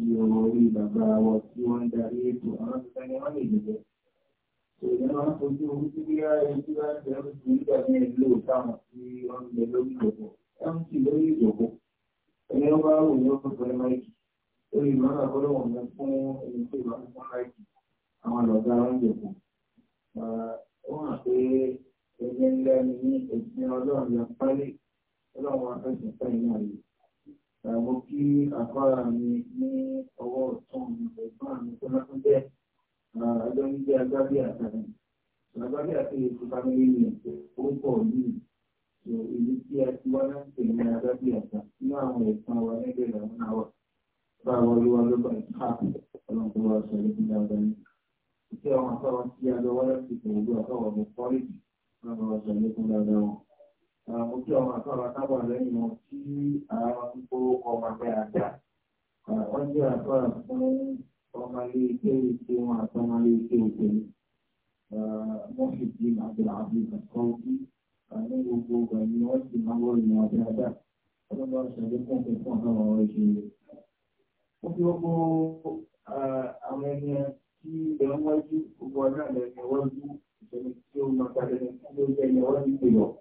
àti ọmọ orí bàbá wa tí wọ́n ń darí ètò àwọn ti sẹ́ni wọ́n lè jẹ́. Ìjọba máa ń fojú orí sí bí ayé tí wọ́n ń bẹ̀rù sí nígbà ní ìlú táwọn tí wọ́n ń bẹ lórí ìjòkó. Wọ́n ń sì lórí ìjòkó. Ẹni ó bá wù ní ọkọ̀ pẹ̀lú máìkì. Lórí ìmọ̀ràn àkọ́lọ́ wọn lọ fún ẹni tó bá fún máìkì. Àwọn lọ̀gá wọn jòkó. Ó hàn pé ẹgbẹ́ ńlá ni ẹ̀sìn mo kí àkọ́ra mi ní ọwọ́ ọ̀tún mi ẹ̀gbọ́n mi tó máa ń jẹ́ ọjọ́ níbi agbábí àtàrí agbábí àti ètò fámìlì mi ó pọ̀ yìí tó ìlú tí a ti wá láti pè ní agbábí àtà nínú àwọn ẹ̀sán wa níbẹ̀ làwọn àwà bá a wọlé wa lọ́gbà ìta ọlọ́run tó wá sọ lókun dáadáa ní. ìṣe àwọn afáwọn tí a lọ wá láti pè ní àtàwọn ọmọ kọ́lẹ́jì wọn lọ sọ lókun dáadáa wọn. Ah, ojú àwọn àtàwọn àtàwọn lẹ́yìn wọn tí àwọn akókò ọmọ bẹ́ẹ̀ àjà ah, wọ́n jẹ́ àtàwọn fún ọmọlé ike ike wọn àtọmọlé ike òkè ah, wọ́n fi di àbẹ̀là àbẹ̀là kan sí ní gbogbo ọgbà ni wọ́n ti máa wọ́n ìwọ̀n àbẹ̀ àjà wọ́n lọ ṣẹlẹ̀ fún ọ̀fẹ́ fún àwọn ọ̀rọ̀ ìṣe. ó fi gbogbo àwọn ẹni tí ilẹ̀ ń wájú gbogbo ọ̀nà ìlẹ̀ ń wájú ìṣẹ̀lẹ̀ tí ó máa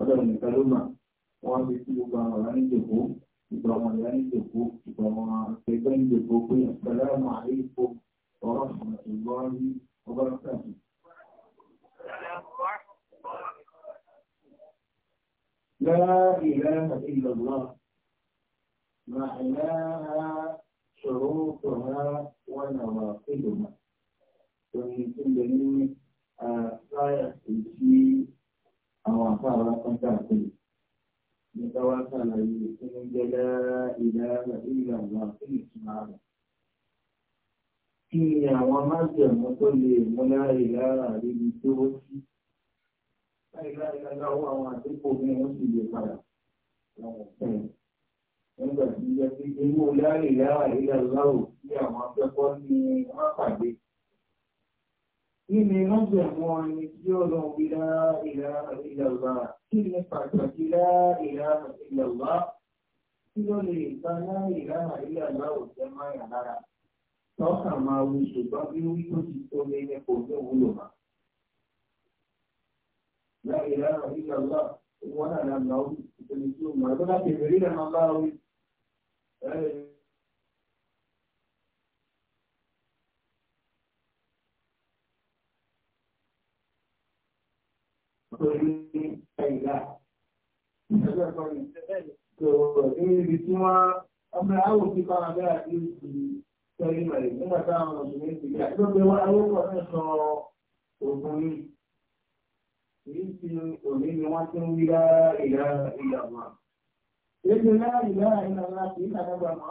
ọ̀dọ̀ nìkan ló mà wọ́n fi sí gbogbo àwọn ọ̀rá níjòkó ìgbà ọmọ ìyá níjòkó ìgbà ọmọ akẹgbẹ́ níjòkó pé ìpẹ̀lẹ́ ọmọ àríkò ọ̀rọ̀ ìgbọ́n rí ọgbọ́n kàtó. لا إله إلا الله معناها شروطها ونواقضها ومن كل آية في àwọn afárá kan káàkiri nípa wá sàlàyé tí wọ́n jẹ́ láìlára ìlà àwọn àfihàn ìtura rẹ̀. kí ni àwọn májèmọ́ tó lè mú láìlára níbi tó ó sí. láìlára ìlànà àwọn àdínkù ní wọ́n sì lè padà lọ́wọ́ fún un nígbà tí ó jẹ́ pé ewu láìlára ìlànà láwò tí àwọn akẹ́kọ̀ọ́ ní wọ́n pàdé. Nínú rọ́jù àwọn ẹni tí ó lọ bí láìláà ìlàlá, kí ní pàtàkì láìláà ìlàlá, kí ló lè gba láìláà ìlàlá òjẹ́ máa yà lára. Tọ́kà máa wù ṣùgbọ́n bí wí tó ti tó lé ní kò ní wúlò máa. Láìláà ìlàlá, wọ́n náà lọ ìpele tí ó mọ̀ ẹ́ tó láti ìrírí rẹ̀ máa bá wí. torí ẹ̀yà. Kò ní ibi tí wọ́n ọmọ àwọn òbí bá wọn bẹ́ẹ̀ àti ìsì sẹ́rí rẹ̀ nígbà táwọn òṣèré ti gbà. Tó pé wọ́n awọ́pọ̀ náà sọ ògùn ni. Èyí ti òní ni wọ́n ti ń wí rá ìlà ìyàwó. Èyí ti rá ìlà ìlànà láti ìlànà gbàgbọ́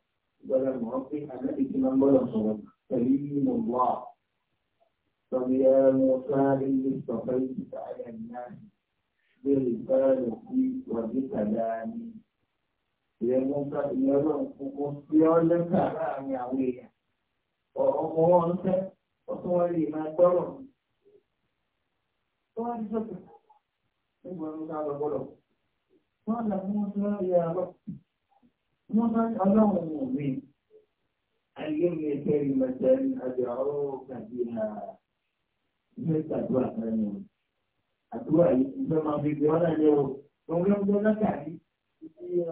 ولا معطي الذي من بلغه كريم الله طب يا موسى إني اصطفيتك على الناس برسالتي وبكلامي يا موسى إني أصطفيتك على الناس ọmọ wọn tẹ́ ọ̀tún wọn lè máa gbọ́rọ̀ tó wá ní sọ́kẹ̀ nígbà wọn ká lọ gbọ́rọ̀ wọn là fún wọn tó wá rí àárọ̀ wọ́n bá ní ọlọ́run wò mí ayé mi ẹgbẹ́ rí mẹ́tẹ́ ní àjọ ọ̀rọ̀ kàdí ha ilé ìtàdúrà kan ni àdúrà yìí ti fẹ́ máa fi gbéwọ́n náà ní o òun ló ń gbé lọ́kàdí títí uh,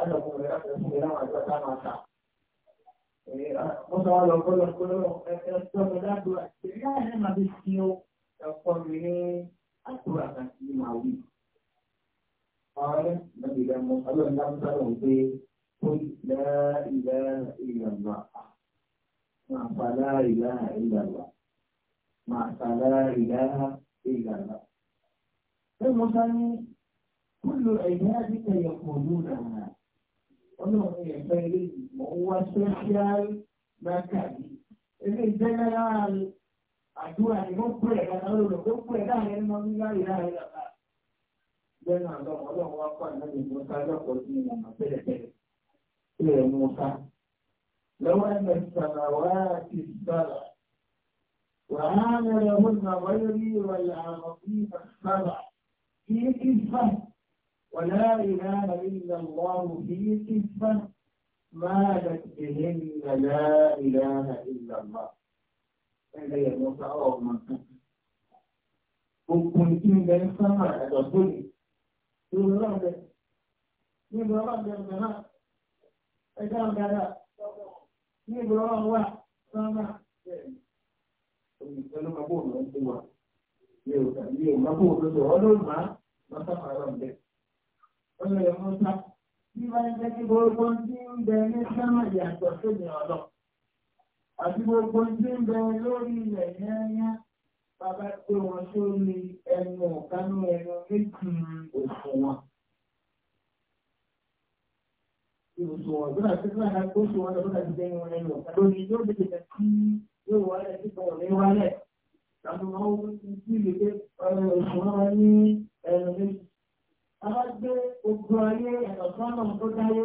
alọ́kùnrin alọ́kùnrin láwọn àjọ táwọn àtà. wọ́n sọ wá lọ gbọ́dọ̀ gbọ́dọ̀ ẹ̀ẹ́dọ́ mi ládùúrà ṣèlú àyẹ̀ máa fi sin o ẹ̀kọ́ mi ní àdúrà kan sí màá wí. قال النبي لما قال لم تروا به قل لا إله إلا الله مع فلا إله إلا الله مع فلا إله إلا الله المصلي كل عبادك يقولونها ọlọ́run ẹ̀fẹ́ ilé ìgbìmọ̀ wá special bákàdé ilé general àdúrà ni wọ́n pè é lára lọ́rọ̀ wọ́n pè é láàrin ẹni mọ́ nígbà ìlà ìlà lẹ́nu àlọ́ ọlọ́run wá pàdé náà ní musa lọ́pọ̀ sí ìlànà pẹ̀lẹ́pẹ̀lẹ́ ilẹ̀ musa lọ́wọ́ ẹ̀mẹ̀ sàrà wá ti sàrà وعان لهن غيري والعربين السبع في كفة ولا إله إلا الله في كفة مالت بهن لا إله إلا الله ẹ̀rẹ́ ìrọ̀ta ọ̀gbọ̀n kan. Òkùn ìpínlẹ̀ sọ́mà ẹ̀dọ̀ tó lè ìwọ̀n náà bẹ̀. Ní ìbúra wà bẹ̀rẹ̀ bẹ̀rẹ̀ náà, Àti bàbá pé wọn sórí ẹnu ọ̀kánú ẹnu méjì òṣùwọ̀n. Ìwòsùwọ̀n tó náà ti fún àná tó wọn lọ́dọ̀ ti dẹ́yìn wọn ẹnu ọ̀kánú ni yóò lè jẹ́ kí yóò wálẹ̀ tí kò ní wálẹ̀. Àwọn ọmọ wọn ti lè gbé òṣùwọ̀n wọn ní ẹnu méjì. A gbé ogun ayé ẹ̀rọ sọ́nà tó dáyé.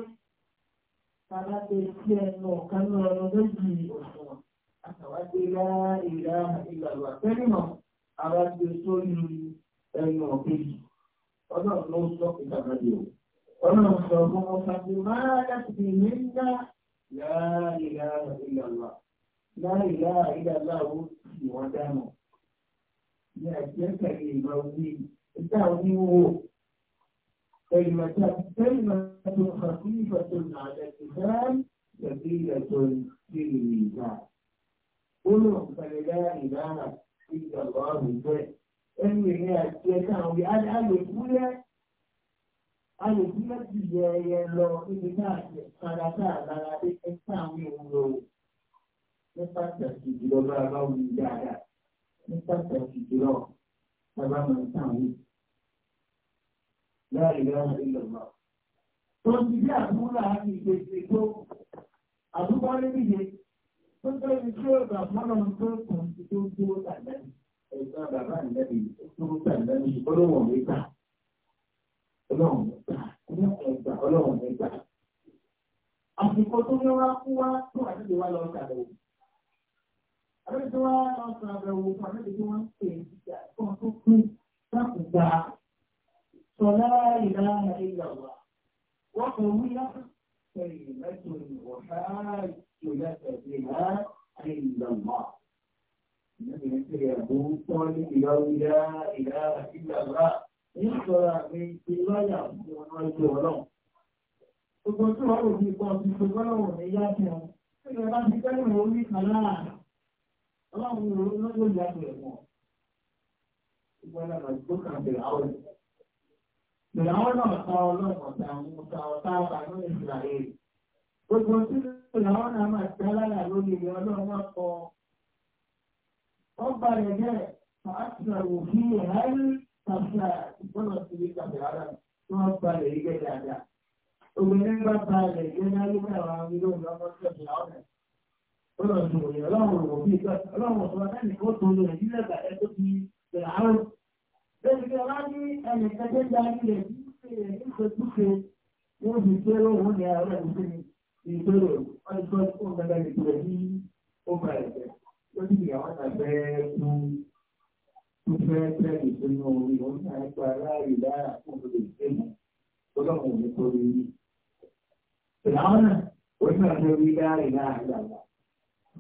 Bàbá pé sí ẹnu ọ̀kánú ẹnu méjì òṣùwọ̀n àtàwádé náà ìlà ìgbàlúwà tẹ́lẹ̀mọ̀ àwájú sórí ẹnu ọ̀gbẹ́jì ọlọ́run ló sọ ìdàgbàdì o ọlọ́run sọ fún wọn fàbí máa láti fi mí ń dá láìlà ìgbàlúwà láìlà ìgbàlúwà ó sì wọ́n dáná ní àjẹsẹ̀lẹ̀ ìgbà wí ìta oníwò كلمة كلمة خفيفة على الإنسان ثقيلة في الميزان Olú ọ̀pẹ̀lẹ̀dá ìdára sí ìjọba àwùjọ ẹ̀. Ẹnu èmi àti ẹ̀ka àwọn bí alòkúlẹ̀ alòkúlẹ̀ ti yẹ ẹyẹ lọ níbi náà ṣe padà tá a lára dé ẹ̀ka àwọn ìwúlò ní pàtàkì jùlọ bá a bá wù ú dáadáa ní pàtàkì jùlọ bá a bá mọ̀ ní sàn wù. Láàrin ìdára ìlọ̀mọ̀. Tó ti bí àbúrò àti ìgbésẹ̀ tó àbúkọ́ níbi yẹn tó àsìkò tó ní wá kú wá tó àdéhùn wá lọ sàbẹ̀wò àdéhùn wá lọ sàbẹ̀wò fún àdéhùn tó wá ń pè é ìjà tó tó kú lákùúgbà sọlá ìlànà ìyàwó wọ́n kò wí láti ṣe ìrìnàjò ìwọ̀n سنة tí wọn rò fi pọ sí gbogbo ní yáàtì ọ ṣẹlẹ̀ bá ti fẹ́ ìwọ orí kan ọlọ́run ló ló ló ẹ̀wọ̀n gbogbo náà làwọn náà máa tẹ́ lára lórí ìwé ọlọ́run wọn kọ. wọ́n bá rẹ̀ jẹ́ àtúnṣàwò fi ẹ̀hárí tàbí ìgbọ́nà sí ilé tàbí ara tí wọ́n bá rẹ̀ yí gẹ́gẹ́ dáadáa. obìnrin bá bá rẹ̀ jẹ́ láyé mẹ́wàá àwọn ilé òun lọ́wọ́ tẹ̀sí àwọn ẹ̀. ọlọ́run tó wòye ọlọ́run wò bí ìgbà ọlọ́run tó wọn lẹ́nu kó tó lọ ìdílé ẹ̀ka ẹ̀ tó ti bẹ̀rẹ̀ àrùn ìgbéró ọjọ́ tó ń gbẹ́gbẹ́ lè pẹ̀lú ní ọba ẹ̀jẹ̀ tó ní ìyàwó àgbẹ̀ ẹ̀kú tó fẹ́ fẹ́ ìpinnu ìwọ̀n ní àìpa aláàrí lára fún òbí ìgbéni tó lọ́wọ́ ní torí ní. ìlànà náà ó ní àjọ rí láàrí láàrí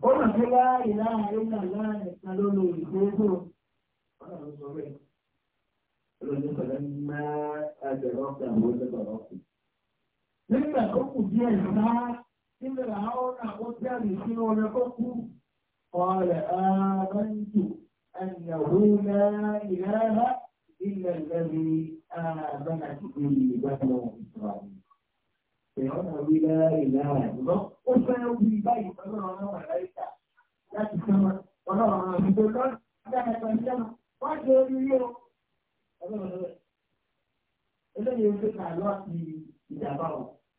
ó mà fẹ́ láàrí láàrí láàrí nìkan ló lo ìgbéró. wọ́n náà ló sọ bẹ́ẹ̀. ní máa àjẹ̀rọ̀ ọ̀kẹ́ àwọn olóòtú nígbà tó kù díẹ̀ náà nílẹ̀ àwọn àwọn jáde sínú ọmọ ẹ̀kọ́ kú ọ̀rẹ́ ààbẹ̀ntù ẹ̀yàwó náà ìrẹ́lá ilẹ̀ ìrẹ́lẹ̀ ààbẹ̀ntù ìgbàlọ́ ìsọ̀rọ̀. Èèyàn wí láàrin láàrin lọ, ó fẹ́ wí báyìí pẹ̀lú ọ̀rọ̀ àláìsà láti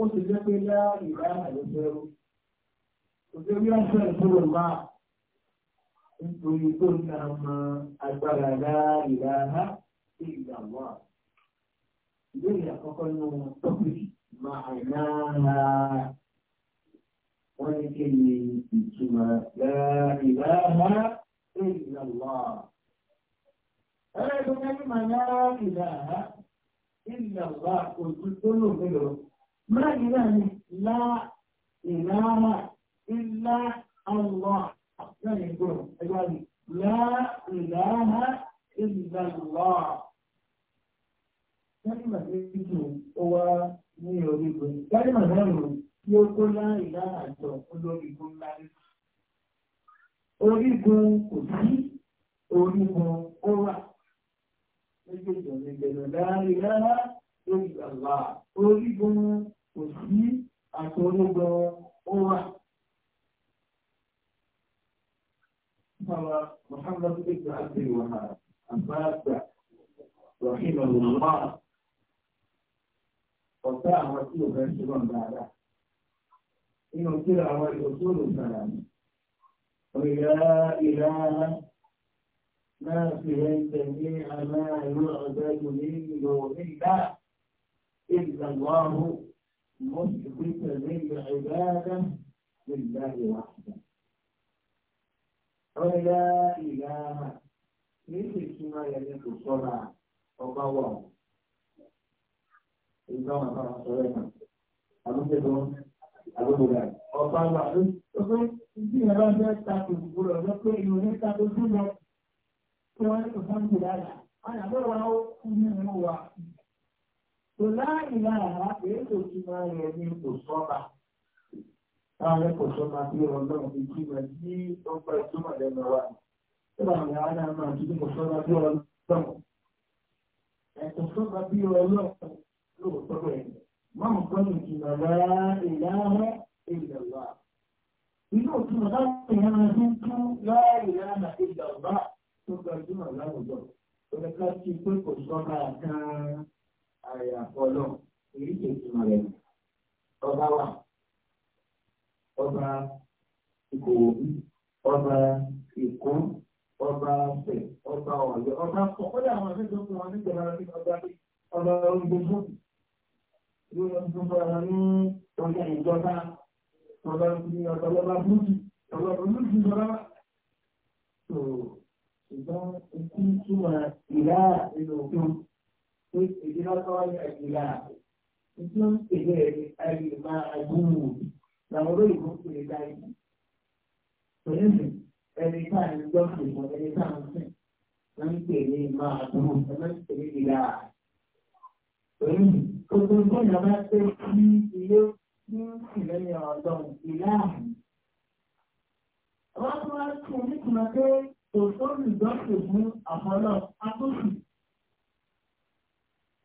ó ti jẹ́ pé lá ìlà àlùfẹ́rù òjò bí wọ́n fẹ́ ìṣòro máa nítorí tó ń ta mọ agbára lá ìlà ha sí ìgbàgbọ́ ìbéèrè àkọ́kọ́ nínú tọ́pìkì máa àìná ha wọ́n ní kí ni ìtumọ̀ lá ìlà ha sí ìgbàgbọ́ ẹ̀rọ ìgbàgbọ́ ní màá lá ìlà ha sí ìgbàgbọ́ òjú tó lò mélòó. báyìí náà ni lá ìlànà ilá àlọ́ lẹ́yìn ìgbòho ẹgbẹ́ mi lá ìlànà ìlànà. Kálímà tí ó dùn ó wá ní orí ìgbò. Orígun kò sí, orígun ó wà. lórí àlá orígun òsì àti orígun ọwà. Bàbá Mùhàmmadu Ibn Abdul Wahab Abbasda Rahimahullah ọ̀tá àwọn tí ò fẹ́ ṣe lọ́n dáadáa. Inú kí àwọn ìṣòro sára ni. Ọ̀yà ìlànà ما في تجميع ما يعبد من دون الله إلا الله مشرك بالعبادة لله وحده ولا إله مثل كما يليق الصلاة وقوام إنما فرح صلاة أبو àgbègbè ọba wa ló tó pé bí ẹ bá fẹ́ ta kòkòrò rẹ̀ pé ìwé ní ta tó dúró kí wọ́n ní kò sáńkù dáadáa. Àwọn wa ó kú nínú wa tò láàyè láàrá èyí tó ti máa rẹ̀ ní kò sọ́ba láàrẹ kò sọ́ba bí ọlọ́run ti kí wọn ní ọgbà ìtumọ̀ lẹ́nu wa nígbà tí àwọn náà máa ti ní kò sọ́ba bí ọlọ́run ẹ̀kọ́ sọ́ba bí ọlọ́run lóòótọ́ rẹ̀ máa ń gbọ́ ní ìtumọ̀ lára ìlànà ìlànà inú òtúmọ̀ láti ìyára tó ń tún láàyè láàrá ìlànà tó gbajúmọ̀ láwùjọ òkèkà ti pé kò sọ́ba kan àyàfọ́ náà èyí kì í túmọ̀ rẹ̀ ọba wà ọba ìkòwòbí ọba èkó ọba ọ̀fẹ́ ọba ọ̀yọ́ ọba kọ̀kọ́dà àwọn akẹ́kọ̀ọ́ fún wọn nígbà wọn ní ọba ọba gbogbo yóò lọ sí ọba wọn ní ọjà ìjọba ọba ní ọba ọba búrúkú ọba búrúkú ọba tó ṣùgbọ́n ikú túmọ̀ ìlà nínú òkú. اهدنا صالح الجلال ìtún ìpele rẹ̀ ayé máa agbóhùn làwọn olóyìnbó ń pèlè dáyé. Pẹ̀lú mi, ẹni tá à ń gbọ́ ìmọ̀ ẹni tá à ń sìn, wọ́n ń pèlè máa agbóhùn, wọ́n ń pèlè ìlà. Pẹ̀lú mi, gbogbo nǹkan ìyá bá pé kí ilé ní ìlẹ́yìn ọ̀dọ́ ìlà àmì. Àwọn akọ́wá tún nítorí pé òṣèlú ìgbọ́sẹ̀ fún àfọlọ́ àtúnṣe.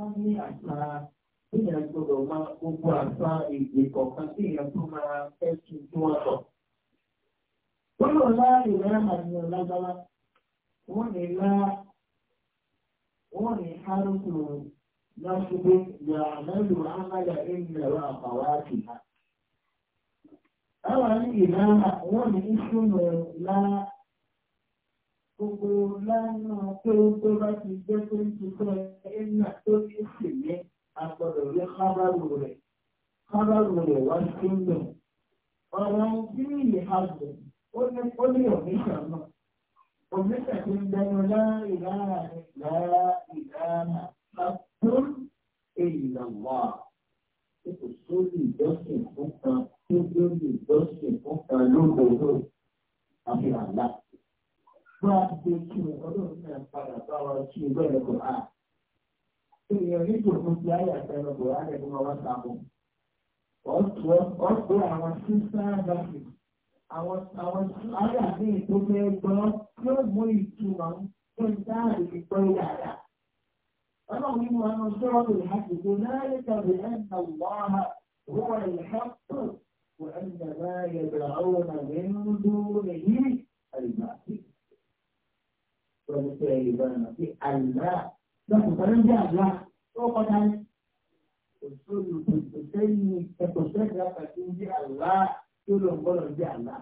wọ́n ní àṣà èèyàn máa gbogbo àṣà èdè kọ̀ọ̀kan tí èèyàn máa fẹ́ sí tí wọ́n sọ. wọ́n lọ láàrin náírà ní ọlágbára wọ́n ní lá gbogbo lánà pé tó bá ti jẹ́ tó ń tutọ́ ẹ̀yà tó ní ìsinmi agbọ́dọ̀ rí kábàrù rẹ̀ kábàrù rẹ̀ wá sí ń lọ. ọ̀rọ̀ ń bí ilé àgbẹ̀ ó ní ó ní òmíṣà náà òmíṣà ti ń dẹnu láàrin láàrin láàrin láàrin pàtó èyí làwà sórí ìjọsìn fún kan tó lórí ìjọsìn fún kan lóòótọ́ àfi àlá. bá a ti gbé kí ni ọlọ́run náà padà bá wa kí ìwé ẹ̀kọ́ á. èèyàn nígbà tó ti ayé àtẹnu kò á lẹ́nu ọwọ́ sàbò. ọ̀pọ̀ àwọn sísá lọ́sì àwọn àwọn ayé àti ìpínlẹ̀ ẹgbọ́n yóò mú ìtumọ̀ tó ń dá àdìgbì gbọ́ yàrá. ọlọ́run nínú àwọn sọ́ọ̀rọ̀ ìhàkùnkùn náà lè tàbí ẹ̀ ń nà wàhálà هو الحق وأن ما يدعون من دونه المعصية lọ́dún tó ẹ̀yìn bá nà sí àlùbárà lọ́kùn kan ń bí àgbà tó kọjá ní. Òṣèlú òṣèlú ẹ̀kọ́ sẹ́kìlá pàṣẹ ń bí àlá tó lọ ń bọ́lọ̀ ń bí àlá.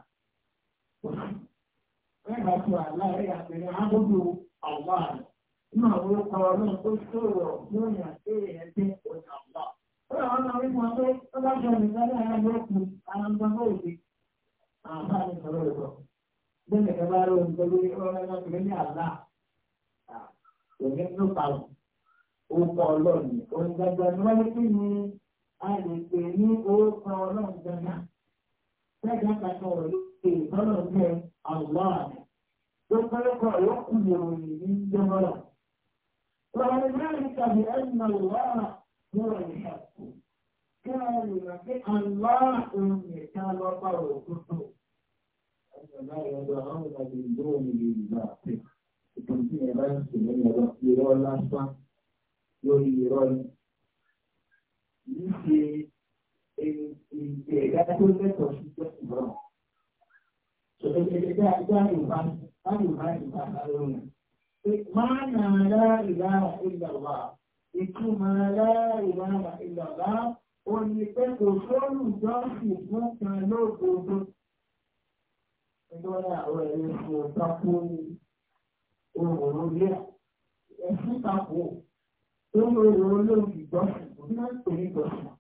Wọ́n yà tó àlá rẹ̀ yà pẹ̀lú àbójú àwọ̀ rẹ̀. Nínú àwọn orúkọ ọlọ́run tó sọ̀rọ̀ yóò yà sí èèyàn tí ó yà wá. Ó yà wọ́n máa rí wọn pé ó bá jọ nìkan náà yà lọ́kùn àwọn ọmọ náà òde. Àwọn àbá mi sọ̀rọ̀ ìrọ̀ bẹ́ẹ̀ kẹ́kẹ́ bá rẹ ohun tó lórí ọlọ́run náà tó ní àlá òní ló pa ọ́ orúkọ ọlọ́run òun gbàgbà ni wọ́n ti ní a lè pè ní orúkọ ọlọ́run gbàgbà sẹ́ẹ̀dá kàtà ọ̀rọ̀ lókè ìtọ́nà jẹ́ àwọ̀ àmì tó pẹ́lẹ́kọ̀ yóò kú ìròyìn ní jẹ́mọ́lá. Ọ̀rọ̀ mẹ́rin tàbí ẹ̀nà wàrà lọ́rọ̀ ìṣàkó. Kí a lè rà pé àlọ́ òun nìkan lọ́pàá òkútó. فلا يدعون من دونه الباطل ìtòsí ẹ̀ bá ń sùn ní ọ̀rọ̀ irọ́ lásán lórí irọ́ ni. Níṣe ìgbẹ̀dá tó lẹ́tọ̀ọ́ sí jẹ́sì náà. Sọ̀rọ̀ ìṣẹ̀lẹ̀ bí ajá Yorùbá bá Yorùbá Yorùbá láró rẹ̀. Pé máa nà lá ìlànà ìlànà ìtumọ̀ lá ìlànà ìlànà òní pé kò sórùn jọ́sìn fún kan lóògùn lórí àwọn ẹ̀rí fún ọ̀tàkù ohun olórí ẹ̀ ẹ̀sìn ìtàkù tó ń lórí olórí ìgbọ́sùn bí wọ́n ń pè ní ìgbọ́sùn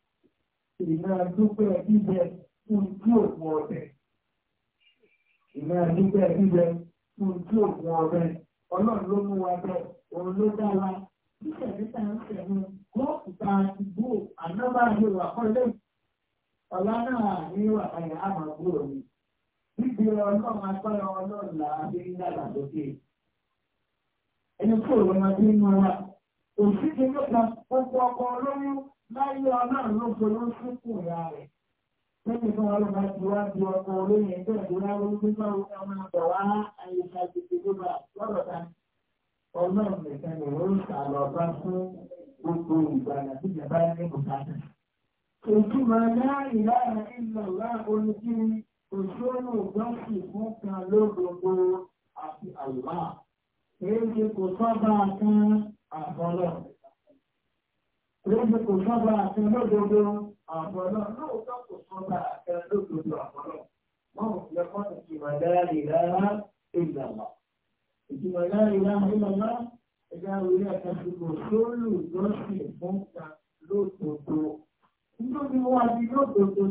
ìmọ̀ dúpẹ́ bíbẹ fún ojú òògùn ọ̀bẹ ìmọ̀ dúpẹ́ bíbẹ fún ojú òògùn ọ̀bẹ ọlọ́run ló mú wa bẹ òun ló dá wa ń sẹ̀nu kóòtù tá a wà kọ́lé ọ̀la náà ní níbi ọlọ́run agbára ọlọ́run là á fi ń dàgbà lókè. ẹni kó ìwé máa fi ń mú wa òsì ti ló kan gbogbo ọkọ olóyún láyé ọlọ́run ló gbóló síkù ìyá rẹ̀. lẹ́yìn fún wọn ló máa ti wá ju ọkọ olóyún ẹgbẹ́ ìdúrà lórí bá wọn ká máa bọ̀ wá àyíká títí tó bá lọ́dọ̀ ta. ọlọ́run nìkan ni ó ń sàlọ̀ bá fún gbogbo ìgbà àti ìjọba ní bùkátà. òtún máa ní àìláàrin ìlọ̀ olùkírí òṣòro ìjọsìn fún kan lódodo àti àlá èyí kò sọ́ba kan àbọ̀lọ̀ èyí kò sọ́ba kan lódodo àbọ̀lọ̀ lóòótọ́ kò sọ́ba kan lódodo àbọ̀lọ̀ wọ́n ò fi ẹ̀kọ́ tó ti wà láàrin rárá ìlànà ìtumọ̀ láàrin rárá ìlànà ẹ̀dá orí àtàkùn òṣòro ìjọsìn fún kan lódodo nítorí wọ́n á di lódodo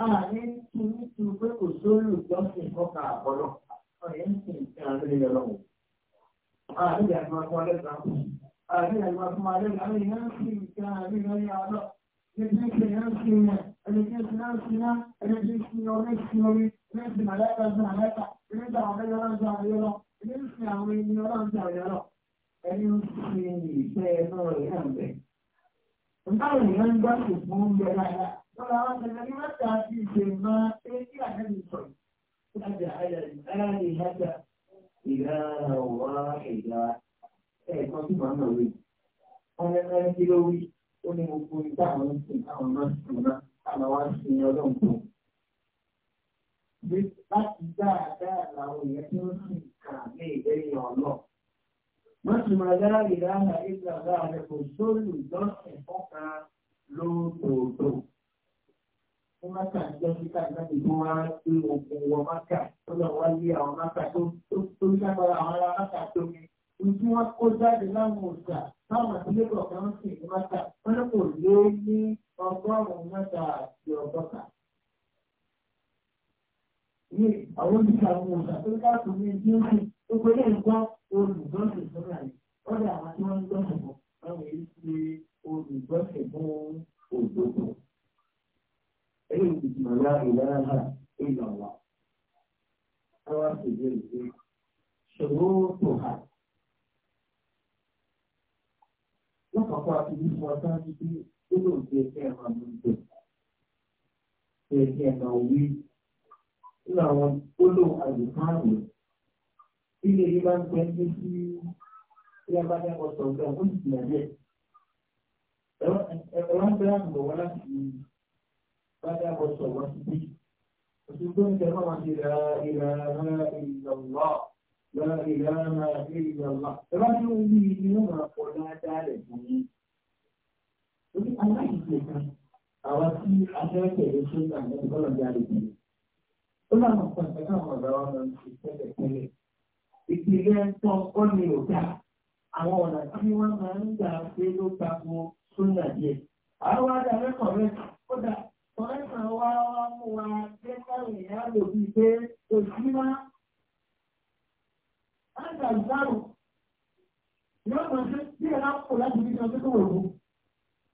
àní tí ní ti pé kò sórí ìjọsìn kọkà àbọ̀lọ̀ ọ̀yẹ́ ń sìn ìtàn lórí ọlọ́run. àní ìyá ìgbà fún ọlẹ́gbàá àní ìyá ìgbà fún ọlẹ́gbàá àní ìyá ń sìn ìtàn lórí ọlọ́run. Ẹni tí ń sin náà ń sin ẹni tí ń sin náà ń náà, ẹni tí ń sin orí sin orí, ẹni tí màláìka sin àláìka, ẹni tí àwọn ẹgbẹ́ ọlọ́run sin àríyọ́ lọ, ẹni ń sin àwọn ẹni ọlọ́run sin àríyọ́ lọ, ẹni ń sin ìfẹ́ ẹ̀rọ rẹ̀ náà bẹ̀. Nǹkan ìyẹn ń gbọ́ sí fún bẹ́ẹ̀ láyà. صلى الله عليه وسلم متى في جماعة إلى حديث فجعل الآلهة إلها واحدا إيه ما في معنى وي أنا أنا كيلوي أنا ممكن تعمل في أعمال سنة أنا واسف يومكم láti dáadáa làwọn èèyàn tí wọ́n sì kà ní ìbẹ̀rẹ̀ ọ̀lọ́. Wọ́n sì máa dára ìdáhà ìgbàgbà rẹ̀ kò sólù lọ́sẹ̀ fọ́ka lóòótọ́. ní máka jẹ́ kíkà láti fún wa pé oògùn wọ máka tó lọ wá lé àwọn máka tó tó lágbára àwọn ará máka tó ní. Ìdí wọn kó jáde láwọn òòṣà táwọn àtúndé kọ̀ọ̀kan ń sìn ní máka wọn kò lé ní ọgọ́rùn-ún mẹ́ta àti ọgọ́ta. Ní àwọn oníṣẹ́ àwọn òòṣà tó dáàbò ní ibi ń sìn tó pé lè gbọ́ yìí. Wọ́n dà àwọn tí wọ́n ń gbọ́sẹ̀ bọ̀ láwọn èyí ti olùgbọ́sẹ̀ fún òdòdó ẹ̀yìn ìgbìmọ̀ náà ìlànà wa. Àwọn àṣìṣe ìṣe ṣòro tó hà. Lọ́kọ̀ọ́kọ́ àti ní ọjọ́ àti bí nínú ìgbé ẹgbẹ́ ẹ̀rọ ló ń dùn. Ẹgbẹ́ ẹ̀rọ wí nínú àwọn gbólóhùn àlùkáàrùn. Ilé yìí máa ń pẹ́ ní sí bí a sọ̀rọ̀ ó sì díẹ̀. Ẹ̀rọ ń bẹ́rẹ̀ àgbọ̀ láti فلا وسوس به وسلطان كلمة لا إله إلا الله لا إله إلا الله رجل به يوم قلنا تعالى Orí aláìsèkà, àwọn tí akẹ́kẹ̀ẹ́ ṣe ń gbà ní ọlọ́run jáde bí. Ó láwọn kan ṣẹ̀ká àwọn ọ̀dọ́ wa máa ń ṣe tẹ́lẹ̀tẹ́lẹ̀. Ìpìlẹ̀ ń tán kọ́ ni ò dá. Àwọn ọ̀nà tí wọ́n máa ń gbà pé ló ta ko sóyà díẹ̀. Àwọn adarẹ́kọ̀ọ́ rẹ̀ kó dáa ọ̀rẹ́ kan wá wá mú wa pé káwọn èèyàn lò bíi pé kò sí wá. Láìka ìdáhùn, yóò mọ̀ sí bí ẹ̀rá kò láti fi sọ sínú òru.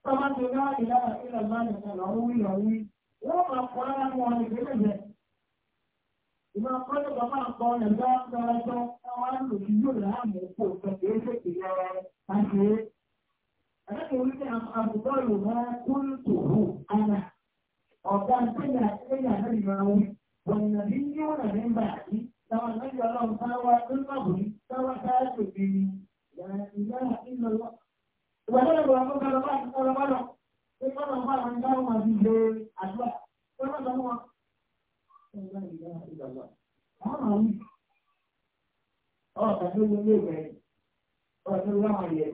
Tọ́lá ti rá ìlànà ìlànà máa nìkan lọ́wọ́ wí lọ́wọ́ wí. Wọ́n máa kọ́ ara wọn ìgbélẹ̀jẹ̀. Ìmọ̀ akọ́lẹ̀ bàbá àpọ̀ ẹ̀dá gbọ́dọ̀ táwọn ọ̀gá sẹ́yà sẹ́yà náà ni máa wí. Bọ̀nà ní ní ń bà ní táwọn lẹ́yìn ọlọ́run táwa tó ń bàbò ní táwa táwa tó bí ní ìyá ìlọ lọ. Ìgbà tó lè bọ̀ ọ̀gá ọ̀gá ọ̀gá ọ̀gá ọ̀gá ọ̀gá ọ̀gá ọ̀gá ọ̀gá ọ̀gá ti lè àdúrà. Ìgbà tó lè bọ̀ ọ̀gá ìyá ìlọ lọ. Àwọn àwọn ọ̀gá tó lè wẹ̀ ọ̀gá tó lè wà wọ̀nyẹ̀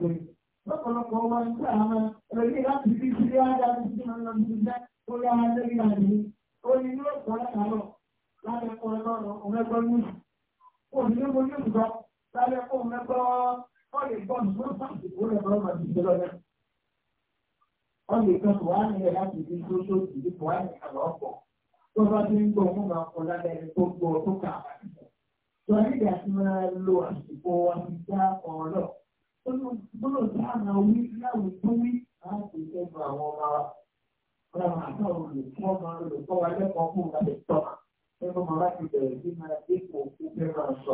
lọ́pọ̀lọpọ̀ wọn ń sọ àwọn ẹlẹ́yìn láti fi ṣíṣe ádámù sí ọ̀nà ìṣẹ́ ó yá lẹ́yìn àní ó ní ní ọ̀pọ̀ látàárọ̀ lábẹ́ ẹ̀kọ́ ọlọ́run ẹgbẹ́ mú kò ní ní mo ní ìgbà lábẹ́ ẹ̀kọ́ ẹgbẹ́ ọ̀lẹ̀ gbọ́n ní wọ́n pàṣẹ kó lẹ́kọ̀ọ́ lọ́mọ ti ṣe lọ́lẹ́ ọ̀lẹ̀ kan kò wá nílẹ̀ láti fi tó tó ìdí kò wá nílẹ̀ ọmọ wa ọlọ́run àti láti bẹ̀rẹ̀ sí máa dínkù fún fẹ́ máa sọ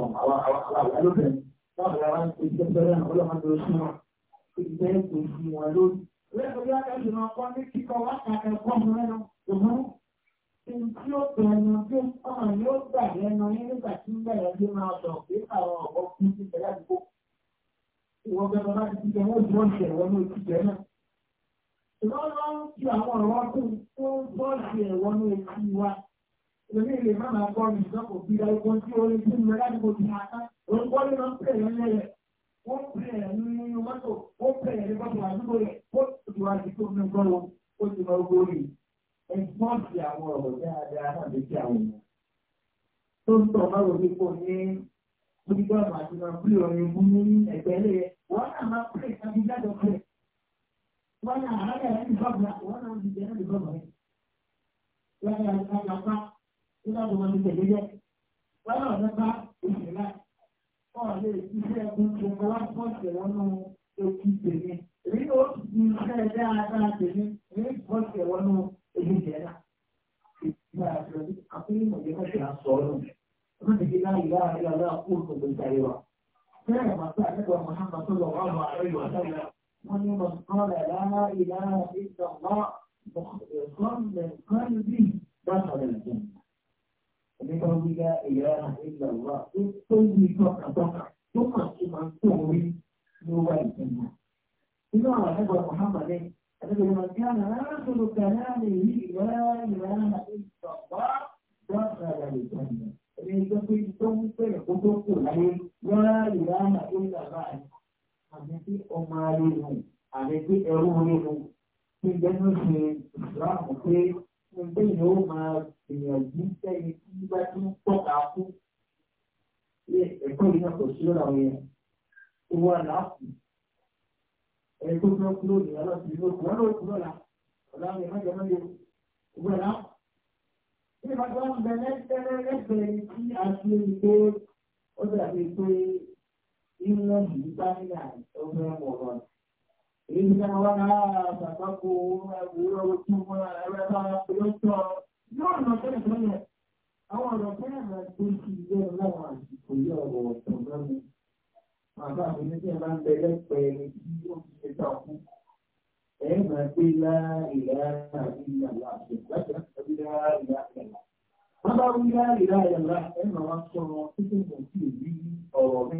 àwọn náà lọ́lọ́ ń fi àwọn ọ̀rọ̀ tó tó bọ́ọ̀sì ẹ̀wọ́ ní etí wa èmi lè má máa gbọ́ mi sọ́kò bí i ọkọ̀ tí orin tí mo rẹ́ àdúgbò ti máa tán òun kọ́ ló máa ń pè é lẹ́yẹ wọ́n pè é nínú mọ́tò wọ́n pè é lẹ́kọ̀ọ́ àdúgbò rẹ̀ ó ti wá sí tó ní gbọ́ wọn ó ti máa gbó rè é bọ́ọ̀sì àwọn ọ̀rọ̀ dáadáa náà lè fi àwọn èèyàn tó ń tọ̀ báwo ní kò ní onígbàgbọ́ àti máa pè orin mú ní ẹ̀gbẹ́ lẹ́yẹ wọ́n náà máa wannan a haka yanki babba wannan wani jere da babba ne wannan ya ta yafa ina da wani da gege wannan wani ba ìṣẹ̀lẹ̀ ọ̀ lè ṣiṣẹ́ tuntun wá pọ̀sì wọnú etí tèmi èyí ó ti ṣe dáadáa tèmi ní pọ̀sì wọnú etí tèmi. Ìgbà àti àkúrò ìmọ̀jẹ́ kọ́sì àsọ̀rọ̀ ọdún tèmi láyé láàárín ọlọ́run kúrò tó gbèsè ayé wa. Bẹ́ẹ̀ màtí àtẹ́kọ̀ọ́ Mùhàmmad tó lọ wà wà ẹ̀yọ̀ àtàlẹ́ ومن قال لا إله إلا الله مخلصا من قلبه دخل الجنة ومن لا إله إلا الله اتقي فقط فقط تقص من تغوي نور الجنة إذا على محمد أنه من كان آخر كلامه لا إله إلا الله دخل الجنة إذا تنطق وتقول لا إله إلا الله àbí tí ọmọ alẹ́ nù àbí tí ẹrú orí nù tí jẹ́nu ṣe ìsìláàmù pé ẹgbẹ́ yìí ó máa gbìyànjú sẹ́ni tí bá tún tọ́ka fún ẹ̀kọ́ yìí náà kò sí lọ́la ọ̀yẹ́ ó wà láàpù ẹni tó fẹ́ kúrò ní ọlọ́sìn ló kúrò ló kúrò là ọ̀la mi má jẹ́ mọ́lẹ́ ó wà láàpù. Ní ìbátan bẹ̀rẹ̀ ẹgbẹ̀rẹ̀ ẹgbẹ̀rẹ̀ tí a ṣe ìgbé ó dàbí pé إلا إنسانا أمر مرض إنا ولا تفقوا أبوكم ولا تفقوا Yọ́n lọ sẹ́yìn lọ́yẹ̀, àwọn ọ̀rọ̀ sẹ́yìn lọ sí ilé ọlọ́run àsìkò yọ ọ̀rọ̀ ọ̀tọ̀ lọ́nu. Bàbá mi ní kí ẹ máa ń bẹ lẹ́pẹ̀ẹ́ ní kí ó ti ṣe tà fún. Ẹ máa gbé lá ìlà àbí ìyàwó àṣẹ láti láti lá ìlà ìlà. Bàbá wí lá ìlà ìlà ẹ máa wá sọ̀rọ̀ títí mo sì rí ọ̀rọ̀ mi.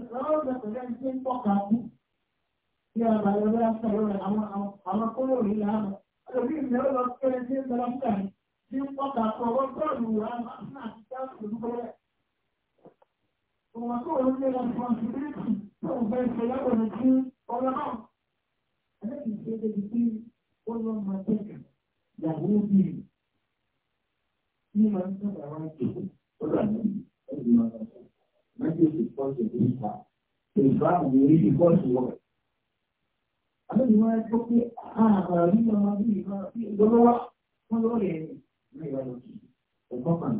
Ìgbàlódé ọ̀gbẹ̀ pẹ̀lú ẹni tí ń tọ́ka kú. Ní àbàlẹ̀ ọ̀gbẹ̀ àṣàrò rẹ̀ àwọn kóró rí láàmú. Olùbí ìlú ló lọ sí ẹni tí ń tọ́ka kú kàní. Tí ń tọ́ka kú ọwọ́ bọ́ọ̀lù wà máa Matthew 6, verse 25. Islam ni orí kíkọ́ ìṣòro rẹ̀. Àlejò máa ń gbọ́ pé ààrà rí ọmọ bí ìmọ̀ sí ìdọ́lọ́wọ́ fún lórí ẹni ní ìwà lọ́sí. Ẹ̀gbọ́n kan,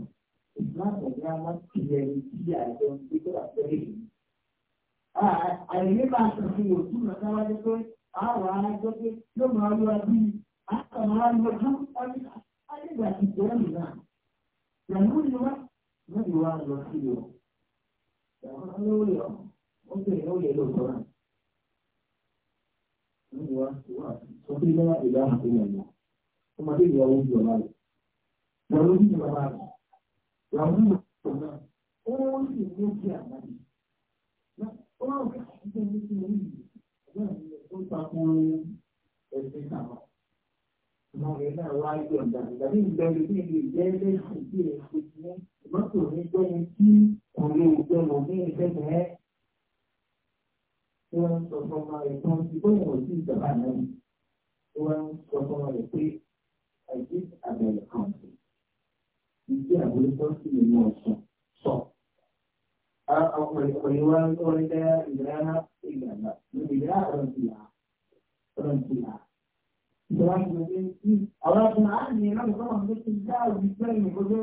Islam ọ̀gá máa ti yẹ ẹni tí àìsàn ń gbé tó àtẹ́rẹ́ yìí. Àìlè máa sọ fún òtún nàkà wá jẹ́ pé àwọn arájọ́ pé yóò máa lọ bí àtàwọn arájọ́ ọdún àdìgbà ti jẹ́ ẹ̀mí náà. Ìyàwó ni wá, wọ́n ti wá lọ sí ìwọ̀n àwọn olóyè wọn sì ní olóyè ló sọ̀rọ̀ nínú wa wà sọ pé Ìmọ̀ràn náà wá yọ̀ǹda ìgbàdí ìgbẹ́rẹ́ bí ibi ìgbẹ́rẹ́ sí bí èso ti ní mọ́tò ní gbẹ́ni tí kò lè gbẹ́mọ̀ ní ìgbẹ́mọ̀ ẹ́. Wọ́n ń sọ fún ọmọ rẹ̀ tán tí bóyá ò sí ìjọba náà. Wọ́n ń sọ fún ọmọ rẹ̀ pé àìsí àbẹ̀rẹ̀ kan sí. Ìdí àbúrò tó sì lè mú ọ̀sán sọ. Ọkùnrin wa ń kọ́ ilé ìlànà ìlànà ìlànà ìlànà ìlànà. Àwọn àmì ìrànlọ́ sọ́wọ́n ló ti dá òwúgbẹ́ ìgbógbé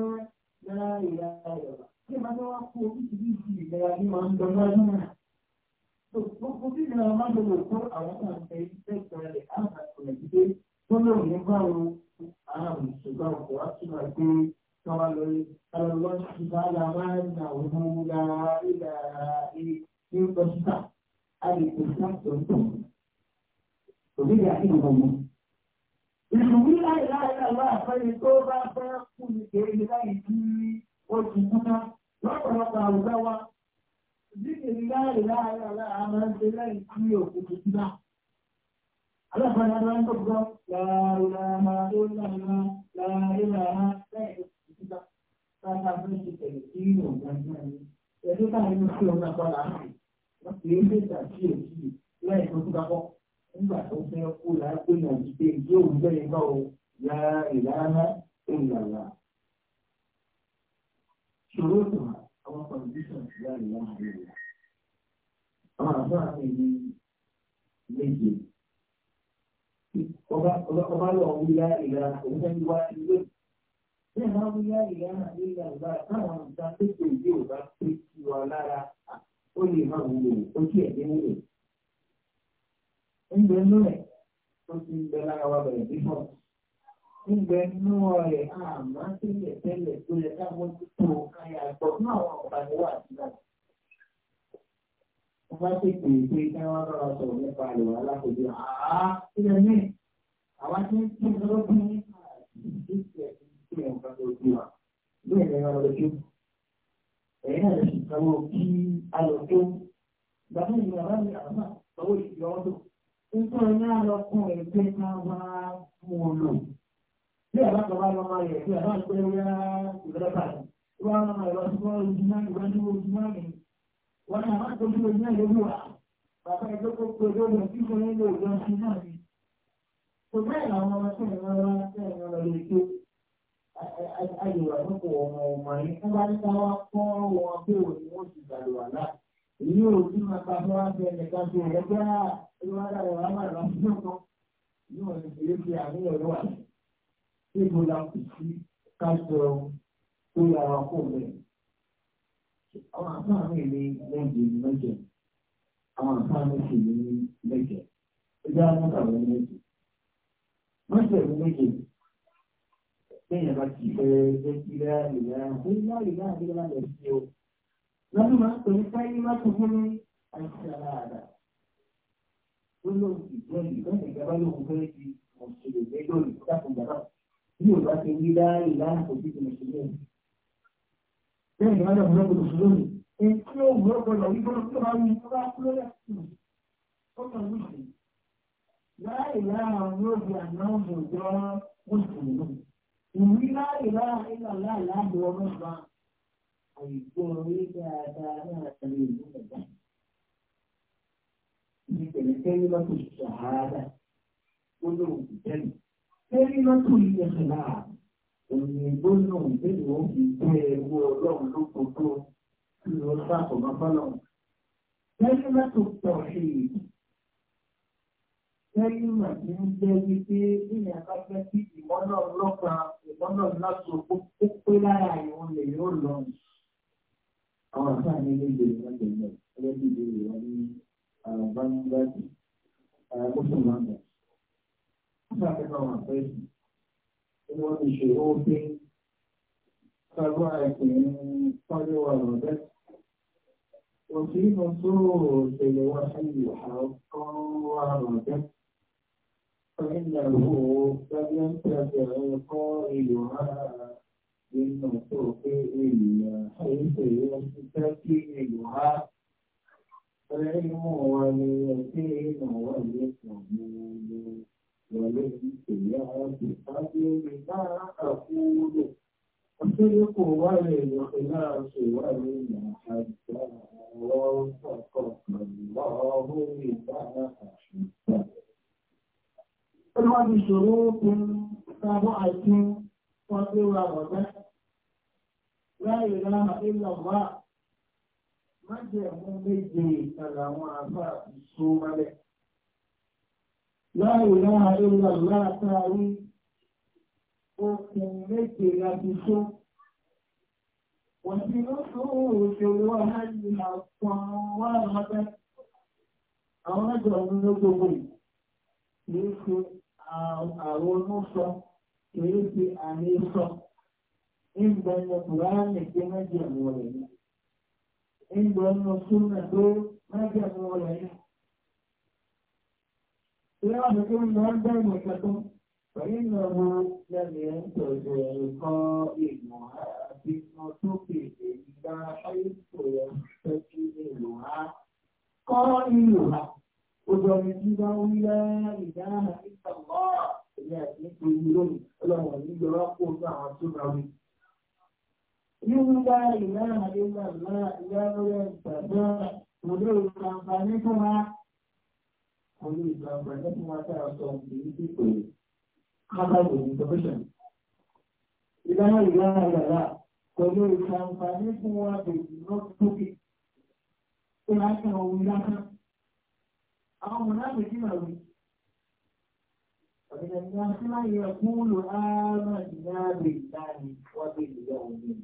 náà ìlà ẹ̀rọ. Kí máa ní wọ́n kó oríṣiríṣi ìlera ní máa ń dọ́gbọ́n náà. Gbogbo bí ìlera máa ń lò kó àwọn kan fẹ́ iṣẹ́ ìgbàlẹ̀ àbàkùn ẹ̀dídé tó lòun ní báwo àrùn ìṣògbà ọkọ̀ wá sí máa gbé tọ́wá lórí. Àwọn ọlọ́run ti bá ara máa ń nà òun lára ìlà ìlú dókítà. A lè pèsè àtọ̀tọ̀. Òbí Ìlúwí láìláìláwà àfẹ́yìn tó bá fẹ́ kú ní kèrè láì tí ó ti kúná lọ́pọ̀lọpọ̀ àwùjọ wa. Zíkìrì láìláìláwà a máa ń ṣe láì tí òkú ti kúná. Alábàáyá ló ń gbọ́ láìláìláwà tó láìláìláwà láìláìláwà láì òkú ti kúná. Táyà fẹ́ ṣe tẹ̀lé sí ìrògbà náà ni. Ẹ̀dí táyà ń fi ọ̀nà àpàlà àmì. Wọ́n kì í ń gbé nígbà tó fẹ́ kú láàpẹ́ náà ti pé ìdí òun bẹ́ẹ̀ náà ó ya ìlànà ìlànà. ṣòro tó àwọn kọ̀ǹdíṣọ̀n ti yá ìlànà ìlànà. àwọn àbọ̀ àmì ní méje. ọba lọ wí ya ìlànà òun fẹ́ wá ilé. bẹ́ẹ̀ máa wí ya ìlànà ìlànà táwọn nǹkan tó ṣe ìdí òun bá pé sí wa lára ó lè máa wúlò ó kí ẹ̀ dé wúlò ń bẹ inú rẹ̀ tó ti ń bẹ lára wa bẹ̀rẹ̀ bí bọ̀. ń bẹ inú rẹ̀ àmọ́ tẹ́lẹ̀ tẹ́lẹ̀ tó yẹ ká o káyà àgbọ̀ ní àwọn ọ̀pàdé wà sílẹ̀. wọ́n bá tètè pé ká wá bá wa sọ̀rọ̀ nípa àlèwà alákòjú àá sílẹ̀ ní àwa tí ń tún lọ́gbọ́n nípa ìgbésẹ̀ ìgbésẹ̀ nǹkan tó ju wa bẹ́ẹ̀ ni wọ́n lọ́jọ́ ẹ̀yìn náà lè ṣèkàwọ́ kí alọ́jọ́ gbàgbọ́n ìgbà bá ní àwọn náà lọ́wọ́ ìgbà ọdún Nǹkan ní àlọ́kùn ẹ̀gbẹ́ ká wá fún ọmọ. Bí àbá kan bá lọ máa yẹ̀ sí àbá pé wíyá ìrẹ́bà yìí. Wọ́n á máa lọ sí wọ́n ojúmọ́ ìwájú ojúmọ́ mi. Wọ́n á máa tóbi ojúmọ́ ìlú wa. Bàbá ẹgbẹ́ tó pé lórí ọtí kan nínú ìjọ sí náà ni. Kò bẹ́ẹ̀ làwọn ọmọ tẹ̀ ẹ̀rọ wá tẹ̀ ẹ̀rọ lọ lè tó. Ayọ̀wà tó kọ ọmọ ọmọ yìí. Wọ́n bá ní ká wá kọ́ wọn pé òní wọ́n ti gbàlùwà náà. Èyí ò olùwádàá wa máa lọ sí ọkọ yóò lè fi fi àníyàn lọ wà síbo la kù sí kájọ tó yára kó rẹ àwọn àfáàní ní méje ní méje àwọn àfáàní sì ní méje ẹjọ́ àwọn àfáàní ní méje méje ní méje lẹ́yìn bá ti fẹ́ jẹ́ kí rẹ ìyá ìyá ìyá ìyá ìyá máa ó lóun ti jẹ́ ọmọ ìgbà àìgbọ́n orí dáadáa láàárín ìlú mẹ́ta ní pẹ̀lẹ́pẹ̀lẹ́ lọ́tò ṣàhádà gbólóhùn ìtẹ́lẹ̀ pẹ̀lẹ́ lọ́tò ilẹ̀ ṣẹlá òyìn gbólóhùn ìtẹ́lẹ̀ wọn fi gbé ẹwọ́ ọlọ́run lókòókò tí wọ́n bá ọ̀gá fọ́lọ́run pẹ̀lẹ́ lọ́tò pọ̀ ṣe èyí lẹ́yìn mà ní ń jẹ́ wípé níyà bá fẹ́ kí ìmọ́nà ọlọ́pàá ìmọ́nà láti ó pé lára ìwọ̀n lè yóò lọ. Àwọn àfáà ní ilé ìgbèrè wọn lè lọ, ẹgbẹ́ bí ìgbèrè wọn ní vanidade, muçulmana. Sabe qual uma coisa? O homem chegou bem, trabalha com falhou a verdade. وفي العلم واليقين واليقين والاختيار بقدر ما أقول الصدق والإخلاص والمحبة وفقك الله لما أحب الوعد شروط سبعة وقوى وبحث لا إله إلا الله májẹ̀mú méje ìtàlà àwọn àbá okùn méje láti ṣó. Wọ́n ti lọ́sọ́ òṣèlú àárí àpọn wà mọ́tẹ́. Àwọn ẹjọ́ ọdún ló gbogbo kìí ṣe àwọn oníṣọ́, kìí ṣe àmì ìṣọ́. Ìgbẹ̀yìn ọkùnrin mẹ́jẹ̀ mọ́ rẹ̀ ní ń lọ ẹnu súnmọ̀ tó májẹ̀mú ọ̀rọ̀ yìí. Ìyá àmì tó ń lọ ń bẹ́ ìmọ̀ ìkẹtọ́, pẹ̀lú ìnáwó lẹ́nu ẹ̀ ń tọ̀jọ̀ ẹ̀kọ́ ìmọ̀ àti ìmọ̀ tó kéde ìgbà ayétò ẹ̀ tẹ́jú ìlú ha. Kọ́ ìlú ha, ọjọ́ mi ti bá ń lẹ́ ìdá àmì ìtàgbọ́ ìyá àti ìpinnu lónìí, ọlọ́run ní nígbà ìlànà nígbà náà ìyáwóyẹ ìgbàgbọ́ kò lè ìgbàǹfààní fún wa kò lè ìgbàǹfààní fún wa tá a sọ èyí tí pé kábàlì ìtọ́fẹ́sọ̀n. ìlànà ìlànà ìlànà kò lè ìgbàǹfààní fún wa bèbí lọ́kùtókè tó máa kàn owó lásán. àwọn ọmọ náà lè dínà wí. Ọ̀gbìn ẹ̀yìn aṣáájú ẹ̀kú lò áá náà ìyá àgbè ìlànà ìwádìí ìyá òun nìyí.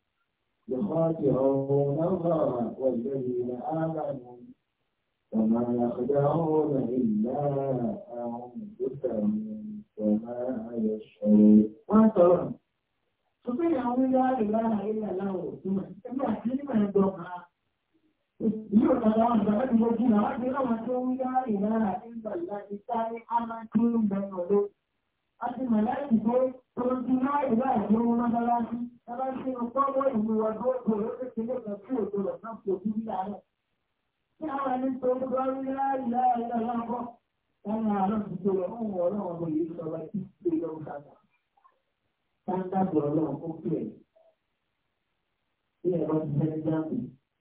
يخاطرون الله والذين آمنوا وما يخدعون إلا أنفسهم وما يشعرون ما ترون Sọ́kẹ́ àwọn ilé àìlára ilé aláwọ̀ òtúmọ̀ ẹgbẹ́ àti nígbà ẹgbẹ́ ọ̀gá. Yóò tọ́lá wọn bàbá ti gbogbo náà wá sí láwọn tó ń yá ìlára ìgbà ìlàjì sáré á máa kí ń bẹ̀rẹ̀ lókè àti mọ̀láìkì pé ojú láì láì ló ń mọ́sálásí mọ́sálásí ń pọ́wọ́ ìlú ọdún òjò lókè tí ló kàn sí òjò lọ náà kò dúró láàárọ̀. kí àwọn ẹni tó ń gbọ́ rí láì láì lọ lọ́kọ̀ wọn àárọ̀ ti tó lọ fún ọlọ́run ọmọ yìí sọ̀rọ̀ tí ó lọ ń kàkà. sáńdàbù ọlọ́run kó kí ẹ̀. bí ẹ̀rọ ti fẹ́ dáàbò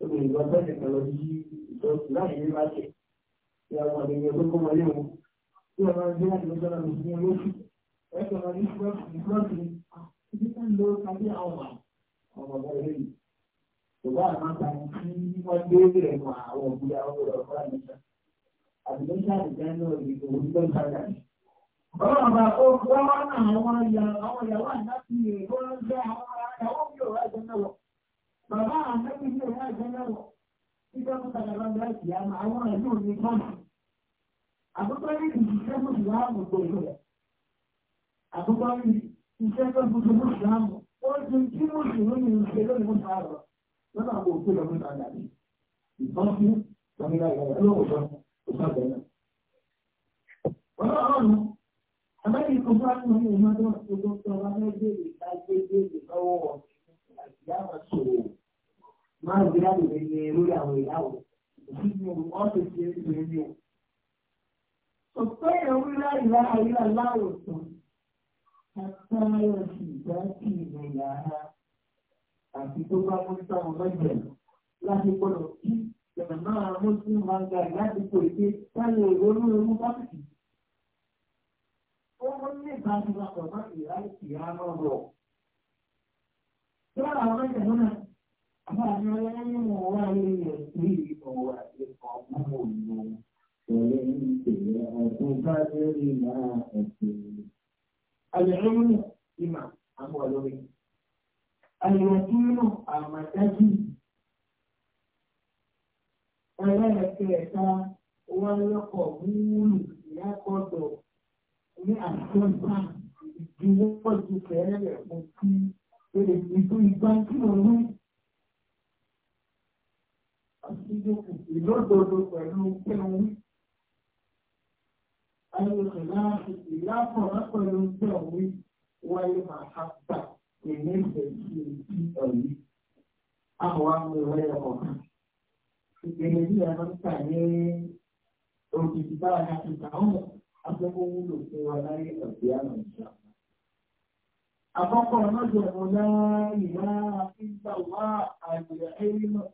omi ìgbà bẹ́ẹ̀ kan lọ sí ìjọsìn láì ní bá tẹ̀. ìyàwó àgbẹ̀yẹ tó kọ́ wọlé wọn. bí ọmọ ẹgbẹ́ àti ẹ̀jọ̀ lọ ní búrọ́dì ní ibi tó ń lo kájí àwọn ọmọ ọmọ ọmọ ilé yìí ṣùgbọ́n àwọn àǹfààní tí wọ́n dé rẹ̀ mọ́ àwọn òbí àwọn ọ̀rọ̀ àmìṣà àbìlẹ́ṣà ìjẹ́ náà rí òwò nígbà ìgbàlá Ọlọ́run bá ó wọ́n wá náà àwọn ìyàwó àdáfi èrò ń jẹ́ àwọn ìyàwó bí òwò àjẹ́ náà wọ̀. Bàbá àdáfi bí òwò àjẹ́ náà wọ̀. Títọ́ tó tàbí ọgbà ìyá máa àwọn ìlú ní kọ́ọ̀tù. Àbúkọ́ ní ìdíjẹ́ mọ̀ ìyá àmọ̀ tó ìlú rẹ̀ àbúgbárí iṣẹ́ tó gbogbo mùsùlùmù wọ́n ti kí mùsùlùmí ṣe lórí mú sáàrọ̀ lọ́nà àwọn òkú lọ́mú náà ní ìtọ́sí ìtọ́mílá ìyára lọ́wọ́sọ́ òṣàbẹ̀rẹ̀. ọlọ́run àbẹ́yìn kan bá tún ní ìmọ̀ tó ń tó tó wá lẹ́gbẹ̀rẹ̀ lágbẹ̀gbẹ̀rẹ̀ lọ́wọ́ ọ̀sìn máa ń gbé láti rẹ̀ ní lórí àwọn ìyàwó òṣìṣẹ́ ọ̀sẹ̀ ti rí Hatta yaşı ìdájí ilẹ̀ yàrá àti tó bá mú sáwọn mẹ́jẹ̀ láti gbọ́dọ̀ kí ìjọba náà mú sí manga láti kó èké sáré ìrònú ewu bákìtì. Ó mú ní ìbáṣe papọ̀ má ìyá ìyá náà rọ̀. Tí wọ́n àwọn mẹ́jẹ̀ náà àbá àmì ọlọ́wọ́ ní wọn wá lórí rẹ̀ sí ìmọ̀ àti ọ̀gbọ́n òyìnbó. Ṣọlẹ́ ń tẹ̀lé ọdún bá lórí náà ẹ̀sìn àlẹ́rìnmù ìmà àwọn ọlọ́rin àlẹ́rìnmù àmàdájú ẹlẹ́ẹ̀kẹ́ ẹ̀ta wọn lọ́kọ̀ wúwúlù ìyákọ̀dọ̀ ní àtúntà ìdílé pọ̀jù kẹrẹ́rẹ́ fún kí èrè ìlú ìgbà kí òun àti ìlú ìlú òdodo pẹ̀lú pẹ̀lú alùpùpù ìyàpọ̀ lápẹ̀lú ọjọ́ òwe wáyé máa ha gbà èmi ìfẹ́ sí etí ọ̀rí. Àwọn àwọn ìwé ọkọ̀ kan. Ìpele bí ẹ̀rọ ń tà ní òkìtì báwa ni a ti gbà ọ̀hún afẹ́kọ̀ọ́ wúlò fún wa láyé ọ̀dẹ́ àná ìṣá. Àkọ́kọ́ ọlọ́dọ̀ ọ̀la ìlà àfíìsà wá àgbẹ̀ ẹ̀rí náà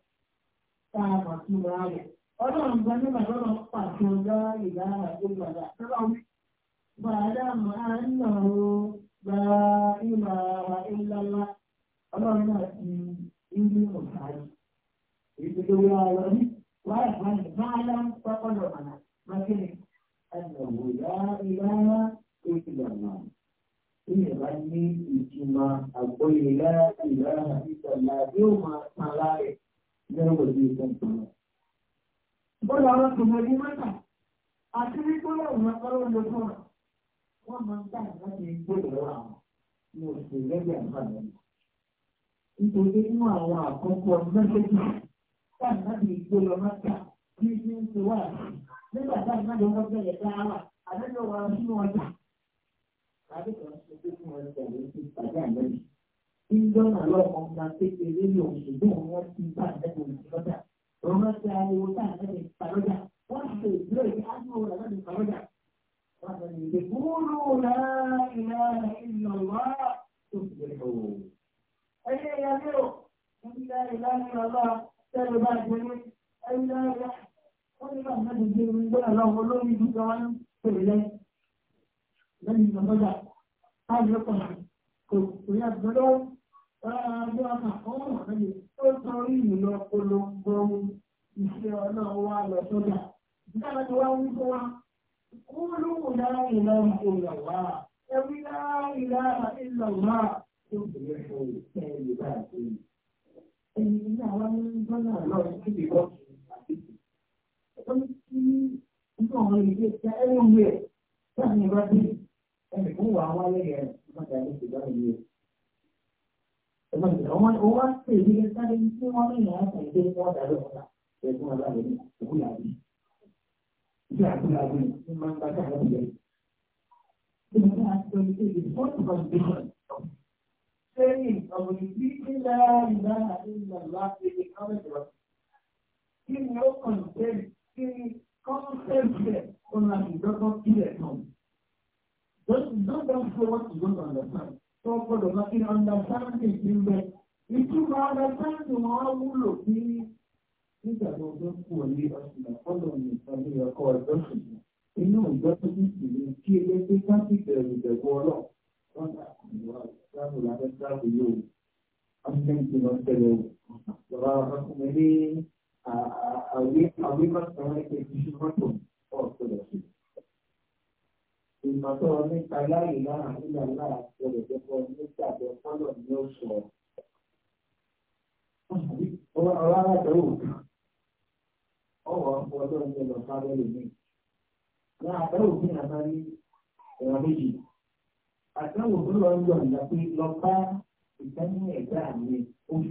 tá a mà tún máa rẹ̀. ọlọ́run gba nígbà lọ́nà pàṣẹ lọ́wọ́ ìgbà àgbégbàdà lọ́wọ́ bàdá máa ń nà ó gba ìmọ̀ ara ńláńlá ọlọ́run náà ti èyí tó ara wáyà báyìí bá a lọ pápá máa gẹ́gẹ́ bí Nítorí nínú àwọn àkọ́kọ́ mẹ́sẹ̀jì táà náà gbé lọ mọ́ta bí ṣe ń ṣe wà nígbà táà náà lọ́wọ́ bẹ̀rẹ̀ dáhà àdéhùn wa sínú ọjà. Adékan ṣe pé fún wọn tẹ̀lé ti pàdé àgbẹ̀rẹ̀. Ìjọba lọ́kọ̀ọ́ máa kékeré ní òṣèlú wọn ti bá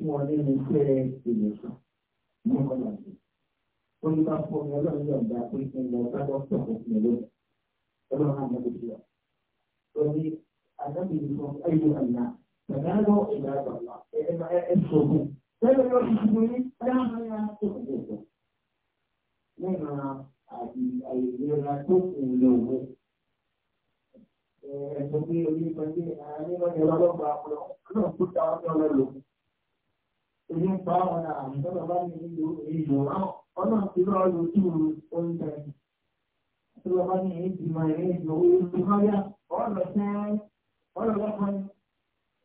fún ọ nínú iṣẹ́ ìlẹ̀sùn ní ọkọlá sí. ó ní ká fún ọ lọ́rùn yọ̀ǹda pé kí n lọ bá dókítà fún mi lónìí ọlọ́run àmọ́ tó ti wà. ó ní àdábì ní fún ẹyọ àná tàbí ìlà àgbàlá ẹ sọ̀rọ̀ lẹ́yìn lọ sí ìṣubú ní aláàmọ́ yà tó kù tó. lẹ́yìn àìlera tó kù lọ́wọ́ ẹ̀sùn bí orí ìpàdé àárín ọ̀nà ìrọ̀lọ́gbà ọ̀pọ̀lọpọ̀ náà kúta ọ̀nà ọ̀nà lòkù orí ń pa àwọn àrùn tó bàbá mi nílò èèyàn ráhùn ọ̀nà tí ó rọrùn ojú oúnjẹ tó bàbá mi ní ìgbìmọ̀ ẹ̀rẹ́ ìdánwò orí máyà ọ̀rọ̀ sẹ́rẹ́ ọ̀rọ̀ lọ́kàn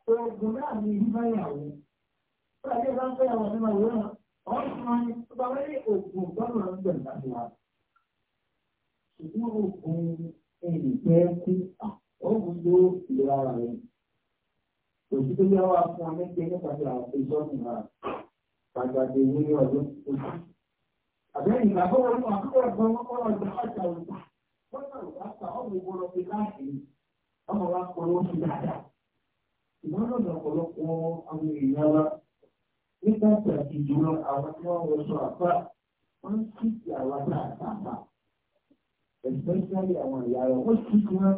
oògùn náà ní ìbáyàwó tó àti ẹ̀ka ń fẹ́yàwó ní màwó náà ọ̀rọ̀ tó máa ní tó bá wọ́n ní oògùn gbọ́dọ̀ ń gbẹ̀ lábúwa ṣùgbọ́n oògùn òtí tó yá wá fún ọ méje nípasẹ̀ àwọn ìṣọ́nù náà pàtàkì ìwúrí ọdún ojú. àbẹ́rẹ́ ìgbà tó wọnú àkọ́kọ́ ẹ̀gbọ́n ọ̀rọ̀ ìgbà ọjà òkú wọ́n náà wà pa ọ̀rọ̀ ìgbọ́rọ̀ fi káàkiri ọmọ wa kọ́ ló ń fi dáadáa. ìwọ́n náà lọ ọ̀pọ̀lọpọ̀ àwọn èèyàn wa nígbà pàtàkì jùlọ àwọn especially àwọn ìyá rẹ̀ wọ́n sì ti wọn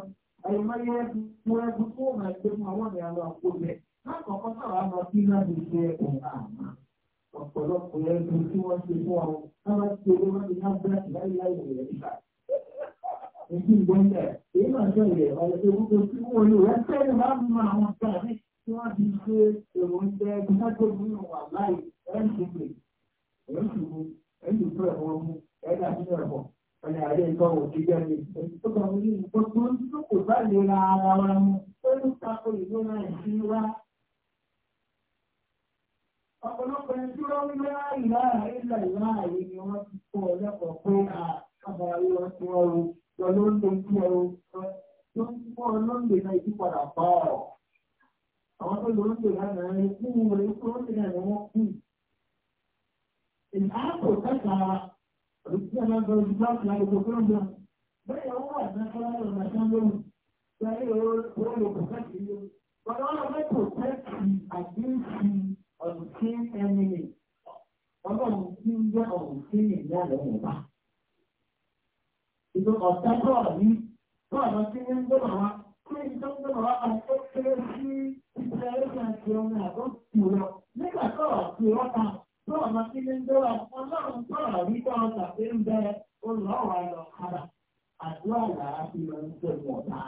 àìmọye ẹgbẹ́ ẹgbẹ́ tó wà ẹgbẹ́ fún àwọn ìyá lọ àpò rẹ̀ lákọ̀ọ́kọ́ sáwà lọ sí láti ṣe òun àmà tí ọ̀nà àdé nǹkan ò ti jẹ́ mi. Ó gbà wọlé kò bá lè ra ara wa mu. Ó ń tako ìlera ìsìn Ọ̀pọ̀lọpọ̀ ẹni tó lọ́wọ́ ní àìlá àìlá ìlà àyè ni wọ́n ti kọ́ ọ pé àbá ayọ̀ ti ọrù lọ ló ń dojú ọrù ló ń kọ́ ọ ló ń pa ọ̀. Àwọn tó lọ ń dènà náà ní kú wọn ló ń dènà ní kú. Ìlà àpò kẹta òṣìṣẹ́ alágbọ̀n ìgbà ìlàgbọ̀ tó tí ń jẹ́ ọ̀dùn tí ń gbọ́dọ̀ wá kí tó ń gbọ́dọ̀ wá kan tó kéré sí ìfẹ́ ẹ̀ṣẹ̀ àti ọmọ tó ọmọ sí ní dọ́là ọlọ́run sọ̀rọ̀ wípé ọmọ tàbí ń bẹ olùrọ̀wà lọ kára àdúrà làá fi lọ ń tẹ̀ wọ̀ ta.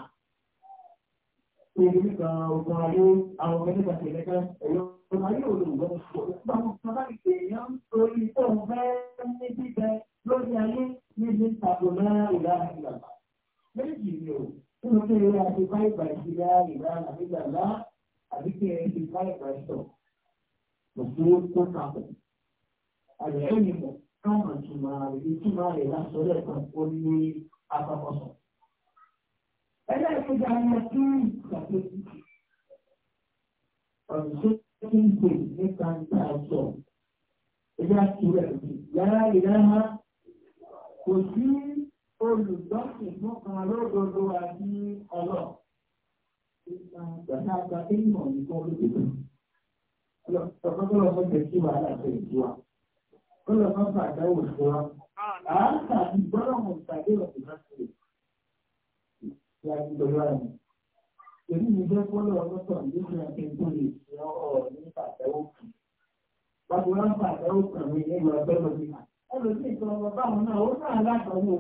Èyí kan ogun ayé àwọn ọmọ nígbà tẹ̀lé kan ẹ̀yọ́ ọmọ ayé olùgbọ́n ṣùgbọ́n nígbà wọn kan láti pè é yán lórí tó ń bẹ́ ní bíbẹ lórí ayé níbi tàbí mẹ́rin àlùfẹ́ mi mọ̀ káwọn àtùmọ̀ tó ọlọ́pàá tó lọ sọ́jà sí wàhálà fẹ̀yìntì wa kọ́lọ̀ máa ń fà dáwò fún wa. Àáta ti gbọ́dọ̀ mọ̀ tàbí ọ̀sẹ̀ láti rẹ̀. Láti lọ́wọ́ àmì. Èmi mi jẹ́ kọ́lọ̀ ọlọ́tọ̀ nígbà ẹgbẹ́ lè fi ọ̀rọ̀ ní pàtẹ́wọ́ kù. Bàbá wa ń pàtẹ́wọ́ kù àwọn ẹgbẹ́ ọgbẹ́ lọ sí. Ẹlòmíì ọmọ báwọn náà ó náà látọ̀wọ́.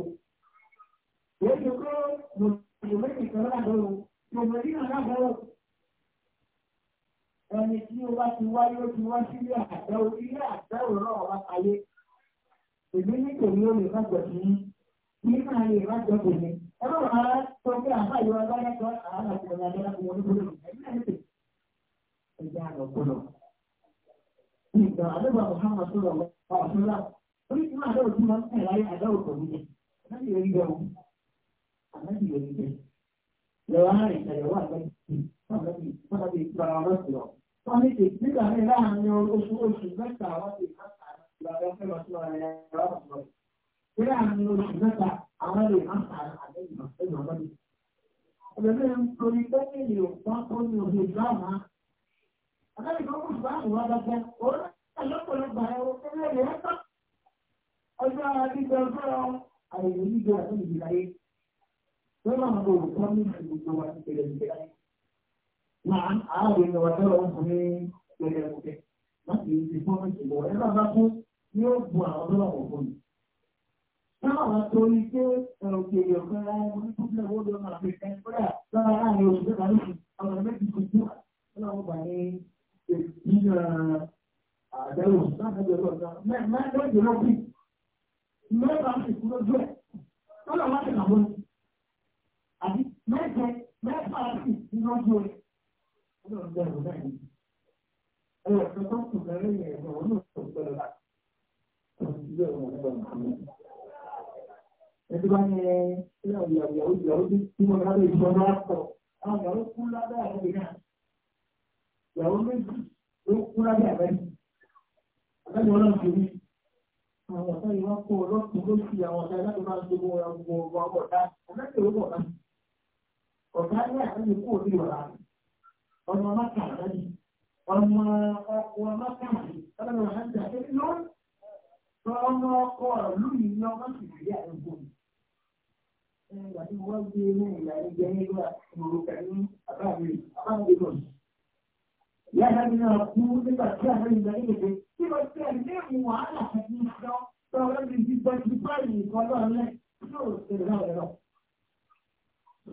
Èyí ti kọ́ mùsùlùmí ẹni tí ó bá ti wáyé ó ti wá sílé àtẹ orílẹ̀ àtẹ òrọ̀ ọ̀rọ̀ ayé èmi ní tèmi ó lè rájọ sí i kí máa lè rájọ tèmi ẹ bá wàá sọ pé àbá ìwà lọ́yẹ̀kọ́ àwọn àkùnrin àti àwọn onígbòrò ẹ̀mí náà lè ẹ̀jẹ̀ àrọ̀ gbọ́dọ̀. Ìgbà àdébà Muhammad sọ̀rọ̀ ọ̀ṣọ́lá oríṣi máa dẹ́wọ̀ tí wọ́n ń tẹ̀lé ayé àdáwò pọ̀ nílẹ̀ láti rí bẹ́ẹ̀ o àláti tí wọ́n lọ́ọ́ fi ìtura wọn lọ́sọ̀rọ̀ wọ́n ní kì í nígbà ní láàárín oṣù oṣù wọ́n máa ìgbàgbọ́ ọ̀pọ̀ ní láàárín oṣù mẹ́ta àwọn lè máa ń àárò ní ọjọ́ ọ̀hún ní pẹ̀lẹ́ ọ̀kẹ́ láti ibi fún ìṣẹ̀lẹ̀ ọ̀rẹ́ bá bá tún ní ó bu àwọn ọlọ́wọ̀ fún mi. Táwọn torí pé òkè ìyọ̀kan ọmọ ní púpọ̀ owó ló máa fi ẹ̀ fúrẹ́ lára láàrin oṣù mẹ́ta lóṣù àwọn méjì tó dúró láwọn bà ní ìdíyà àdẹ́wò láti ẹgbẹ́ ọ̀gá mẹ́ẹ̀ẹ́dẹ́gbẹ̀ lọ́bì mẹ́ẹ̀ẹ́dá sì kú lójú ẹ̀ lọ́nà wá sí àwọn àbí mẹ́ẹ̀ẹ́dẹ́ mẹ́ẹ̀ẹ́dá sì kú lójú ẹ̀ náà ni. Ẹ̀rọ ìfẹ́fọ́ ìyàwó ìyàwó ìyàwó tí mo rárá ìṣọ́ náà pọ̀. Àwọn ìyàwó kú lábẹ́ àbẹ̀bẹ̀ náà. Ìyàwó méjì ló kú lábẹ́ àbẹ̀bẹ̀. Àbẹ̀bẹ̀ ọlọ́run ti rí. Àwọn ọ̀tá yìí wá kó ọlọ́sùn ló àwọn ọ̀tá láti máa gbogbo ọ̀rọ̀ ọ̀gá. Ọ̀tá ní àárín kú òní ìwà láti ọmọ mọ́kà àdáni ọmọ ọkọ̀ mọ́kà àdáni ọlọ́run àdáni àti tó ọmọ ọkọ̀ ìlú yìí lọ mọ́kì àdáni àdúgbò ẹgbà tí wọ́n gbé e ní ìyá ẹgbẹ́ nígbà ìmọ̀lùkà ní àbáwí àbáwí lọ ìyá àdáni náà kú nígbà tí àwọn ìgbà yìí lè tí wọ́n ti ẹ̀ lé mu wàhálà àti ìṣọ́ tó ọlọ́run ti gbọ́ ti báyìí kọ́ lọ́ọ̀lẹ́ yóò ṣe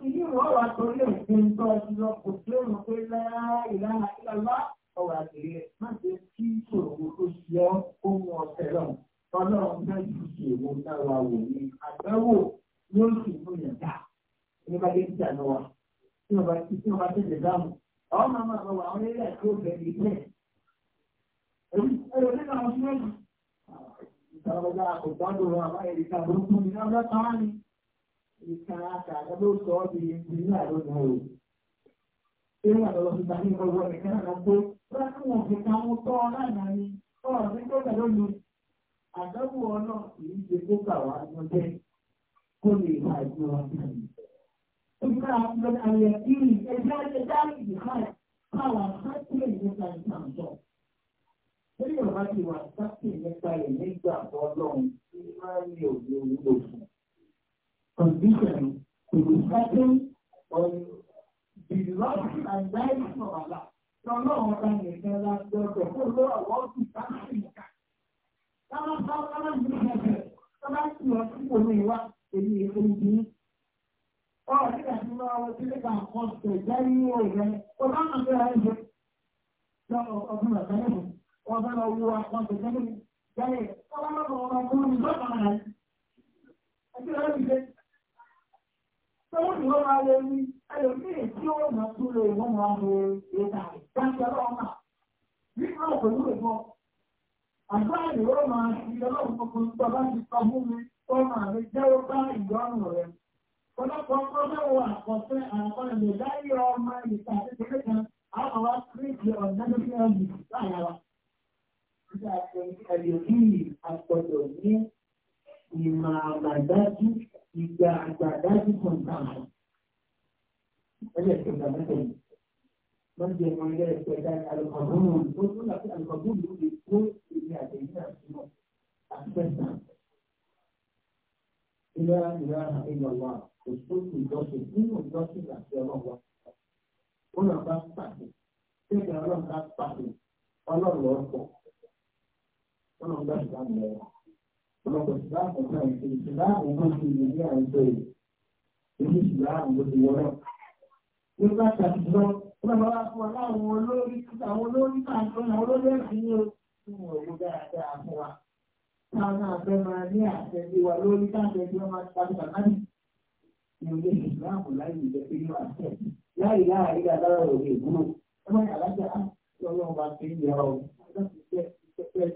Ilé ìwọ́ wa torí òfin tó ọdún lọ kò tí ó rò pé ní ìkan àtàkà sọ ọ́ di ìpínlẹ̀ àlọ́nà o. Ṣé wà lọ́wọ́ ti gbà ní ọwọ́ nìkan náà pé wọ́n kí wọ́n fi kan mú tọ́ lánàá ni ọ̀rọ̀ ní tó lónìí. Àdánwò ọ̀nà kìí ṣe kó kà wá lọ́jẹ́ kó lè wà ìgbọ́n wọn kàn. Ìgbà àwọn àyè kí ẹgbẹ́ ẹgbẹ́ ìdí káì káwà sákìlì nípa ìtàn sọ. Ṣé Yorùbá ti wà sákìlì nípa ìlẹ́gbàgbọ́ ọlọ́run tí máa ń ní òye òwúlò fún? conditioning to be certain on the love and life of Allah. so can Tọ́lọ́run ọba nìkan la gbọ́dọ̀ kó ló àwọn ọ̀sùn sáàsì nìkan. Táwọn bá wọn lọ sí ẹ̀jẹ̀ tó bá sì lọ Oh, omi ìwà èyí èso ìdí. Ọ̀rọ̀ tí kà sí máa wọ sílé kan kan tẹ̀jẹ́ ní òòrùn tó bá wọn lọ rẹ̀ jẹ. Lọ́wọ́ ọdún bàbá yẹn wọ́n bá lọ wo àwọn tẹ̀jẹ́ ní ìjẹ́lẹ̀. Tọ́lá lọ́wọ́ ọmọ ọmọ mi lọ́kàn rẹ̀. Ẹgbẹ́ rẹ̀ ti Tọ́wọ́ ni wọ́n máa lè rí ẹlòmíì tí ó máa tún lè wọ́n máa lè ìta ìdájọ́ ọmọ. Nígbà pẹ̀lú ìbọn, àgbá ìwọ́ máa fi ọlọ́run tuntun tó bá ti sọ fún mi tó máa lè jẹ́wọ́ bá ìgbọ́nù rẹ̀. Ọlọ́pàá ọgbọ́n wà àkọsẹ́ àwọn ilẹ̀ láyé ọmọ ìta kékeré kan, àwọn wa kíríkì ọ̀dẹ́gbẹ́sẹ̀ ọ̀gbìn láàyà wa. Nígbà tí ẹlòmíì àpọ̀jọ̀ ní ìmọ̀ àgbàdájú ìgbà àgbà dájú kan náà ẹlẹ́sìn ìgbà mẹ́ta yìí wọ́n jẹ́ ọmọ ilé ẹ̀sẹ̀ dá alùpàdùnú tó tún láti alùpàdùnú lè kó èmi àtẹ̀yìn àtúnmọ̀ àtúnṣẹ́sà ilé ìlú àná ìlú ọ̀wà kò tó ìjọsìn nínú ìjọsìn àti ọlọ́wà wọn náà bá pàdé ṣẹ́gun ọlọ́run bá pàdé ọlọ́run ọ̀pọ̀ ọlọ́pàá ìsìláàmù náà ìṣe ìsìláàmù ló ti lè ní àwùjọ yìí èyí ìsìláàmù ló ti wọ́n náà. Yorùbá tàbí lọ bàbá wa fún wa láwọn olórí àwọn olórí káàkiri àwọn olórí ẹ̀sìn ní oṣù òwò dáadáa fún wa. Táwọn náà fẹ́ máa ní àtẹ̀lé wa lórí káàkiri tí wọ́n máa tàbí bàbá mi. Ìròyìn ìsìláàmù láyé ìjẹ́ pé yóò àṣẹ láyé láàárín àdáwọ̀ òde ìgbúrò. Ẹ pẹ̀lú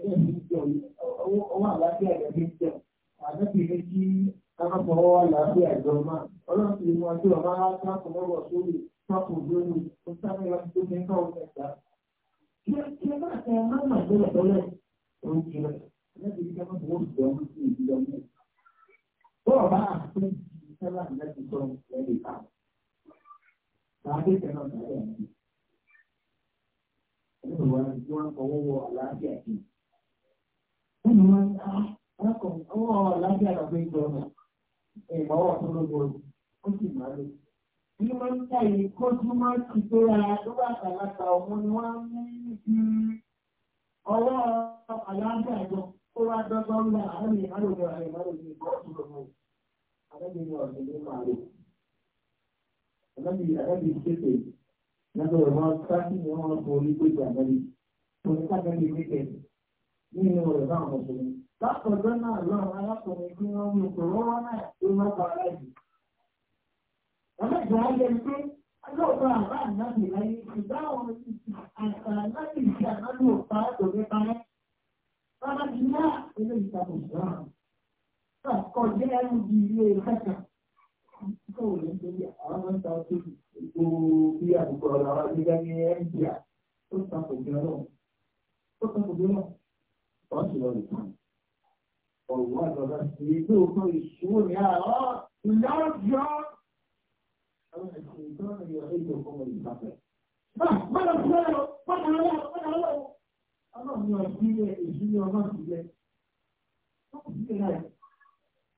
ẹni nínú ah, máa ń ta yìí kó tún máa ti tó ara tó bá àgbàlagbà ọmọ ni wọ́n ń fi ọwọ́ àlàáfíà jọ tó wá dọ́gbọ́n lọ àwọn èèyàn lòdì àwọn èèyàn lòdì ìkọ́ tó lọ mọ́. Àlẹ́ mi ni ọ̀sẹ̀ máa lò. Àlẹ́ mi ṣètò lọ́dọ̀ wọn sáàkì ni wọ́n kọ orí gbèjà lẹ́yìn tó ní kájọ́lì wíkẹ̀ nínú rẹ̀ náà wọ́n sọ ní. lákọ̀ọ́jọ́ náà lọ́rùn alákùnrin tí wọ́n mú kò rọ́wọ́ náà tó wọ́n pa ara yìí. ọ̀nà ìjọba yẹ pé alóòótọ́ àbá ànábì láyé ṣùgbọ́n àwọn àṣà láti ìṣe ànábì òpá òde parẹ́. bàbá ti ní à ilé ìtàkùn Kau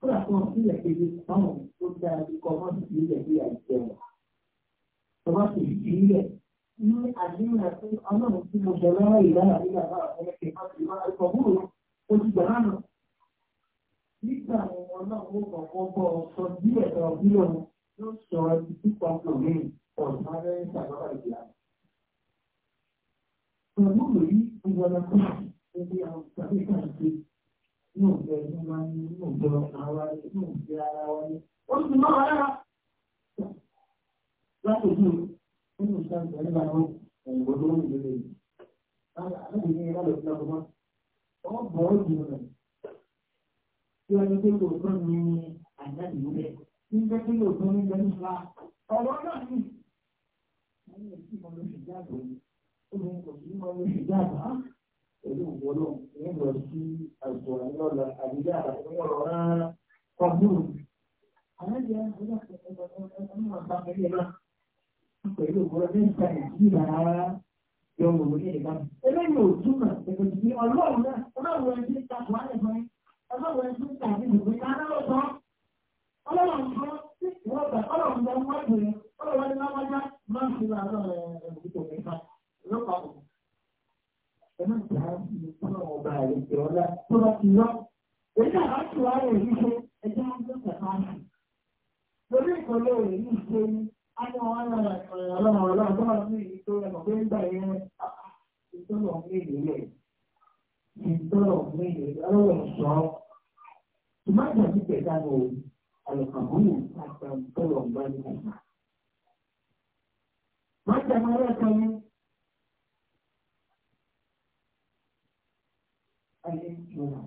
kódà fún ọ sílẹ̀ kejì táwọn tó dáa ju kọ́ wọ́n sì sílẹ̀ bí àìjẹun. Tọ́ba sì sílẹ̀ ní àdéhùn àti ọlọ́run tí mo jẹ lọ́wọ́ ìlànà nígbà náà ọ̀rẹ́ kẹfà ti máa ń kọ̀ọ̀bù ó ti gbà lánàá. Nígbà wọn náà ó kọ̀ọ̀kan bọ̀ sọ díẹ̀ lọ bí òun yóò sọ ẹbí tí pàtó mi ọ̀rọ̀ máa rẹ́ ìṣàlọ́wọ́ ìlànà. Pẹ̀lú òyìn ìwọ̀n ọ̀sán ní àwọn ìṣàlẹ̀ inú ìgbẹ́ ẹ̀jẹ̀ máa ní inú ìgbẹ́ ara ní inú ìgbẹ́ ara wa ní. ó sì máa wà lára. láti ojú ìṣẹ́ ìgbẹ́ nígbà náà òǹgbò ló ń gbélé yìí. láti ní ìyá lọ́dún náà wọ́n wọ́n bọ̀ ọ́ jù rẹ̀. tí wọ́n pé kò tán ní àjáde rẹ̀ ní pẹ́ pé kò tán ní bẹ́ẹ̀ nípa ọ̀rọ̀ náà ní. wọ́n ní èsì kan ló ṣe jáde obìnrin kò sí mọ́ ló ṣe jáde èyí nígbà tí àgbọ̀ àyọ̀lá àdìyá àtúnwọ̀lọ̀ rárá kọ́gbùrù. Àlejò àgbẹ̀ ọmọ ọ̀gá pẹ̀lú ẹ̀rọ pẹ̀lú òwúrọ̀ ní ìgbà ìjìnlá yọ̀wò ní ìgbà. Eléyìí ò túmọ̀ pẹ̀lú ti ọlọ́run náà ọlọ́run ẹni tí ń ta buhari fún yín ọlọ́run ẹni tí ń ta ní ìgbè ká lọ́wọ́ sọ. Ọlọ́run sọ sí ìwọ́n gbà ọlọ́run lọ wọ́n pè é ọlọ́run ẹni máa wájá máa ń fi ẹ̀rọ máa ń rí ìtò kan ní káyé ìrora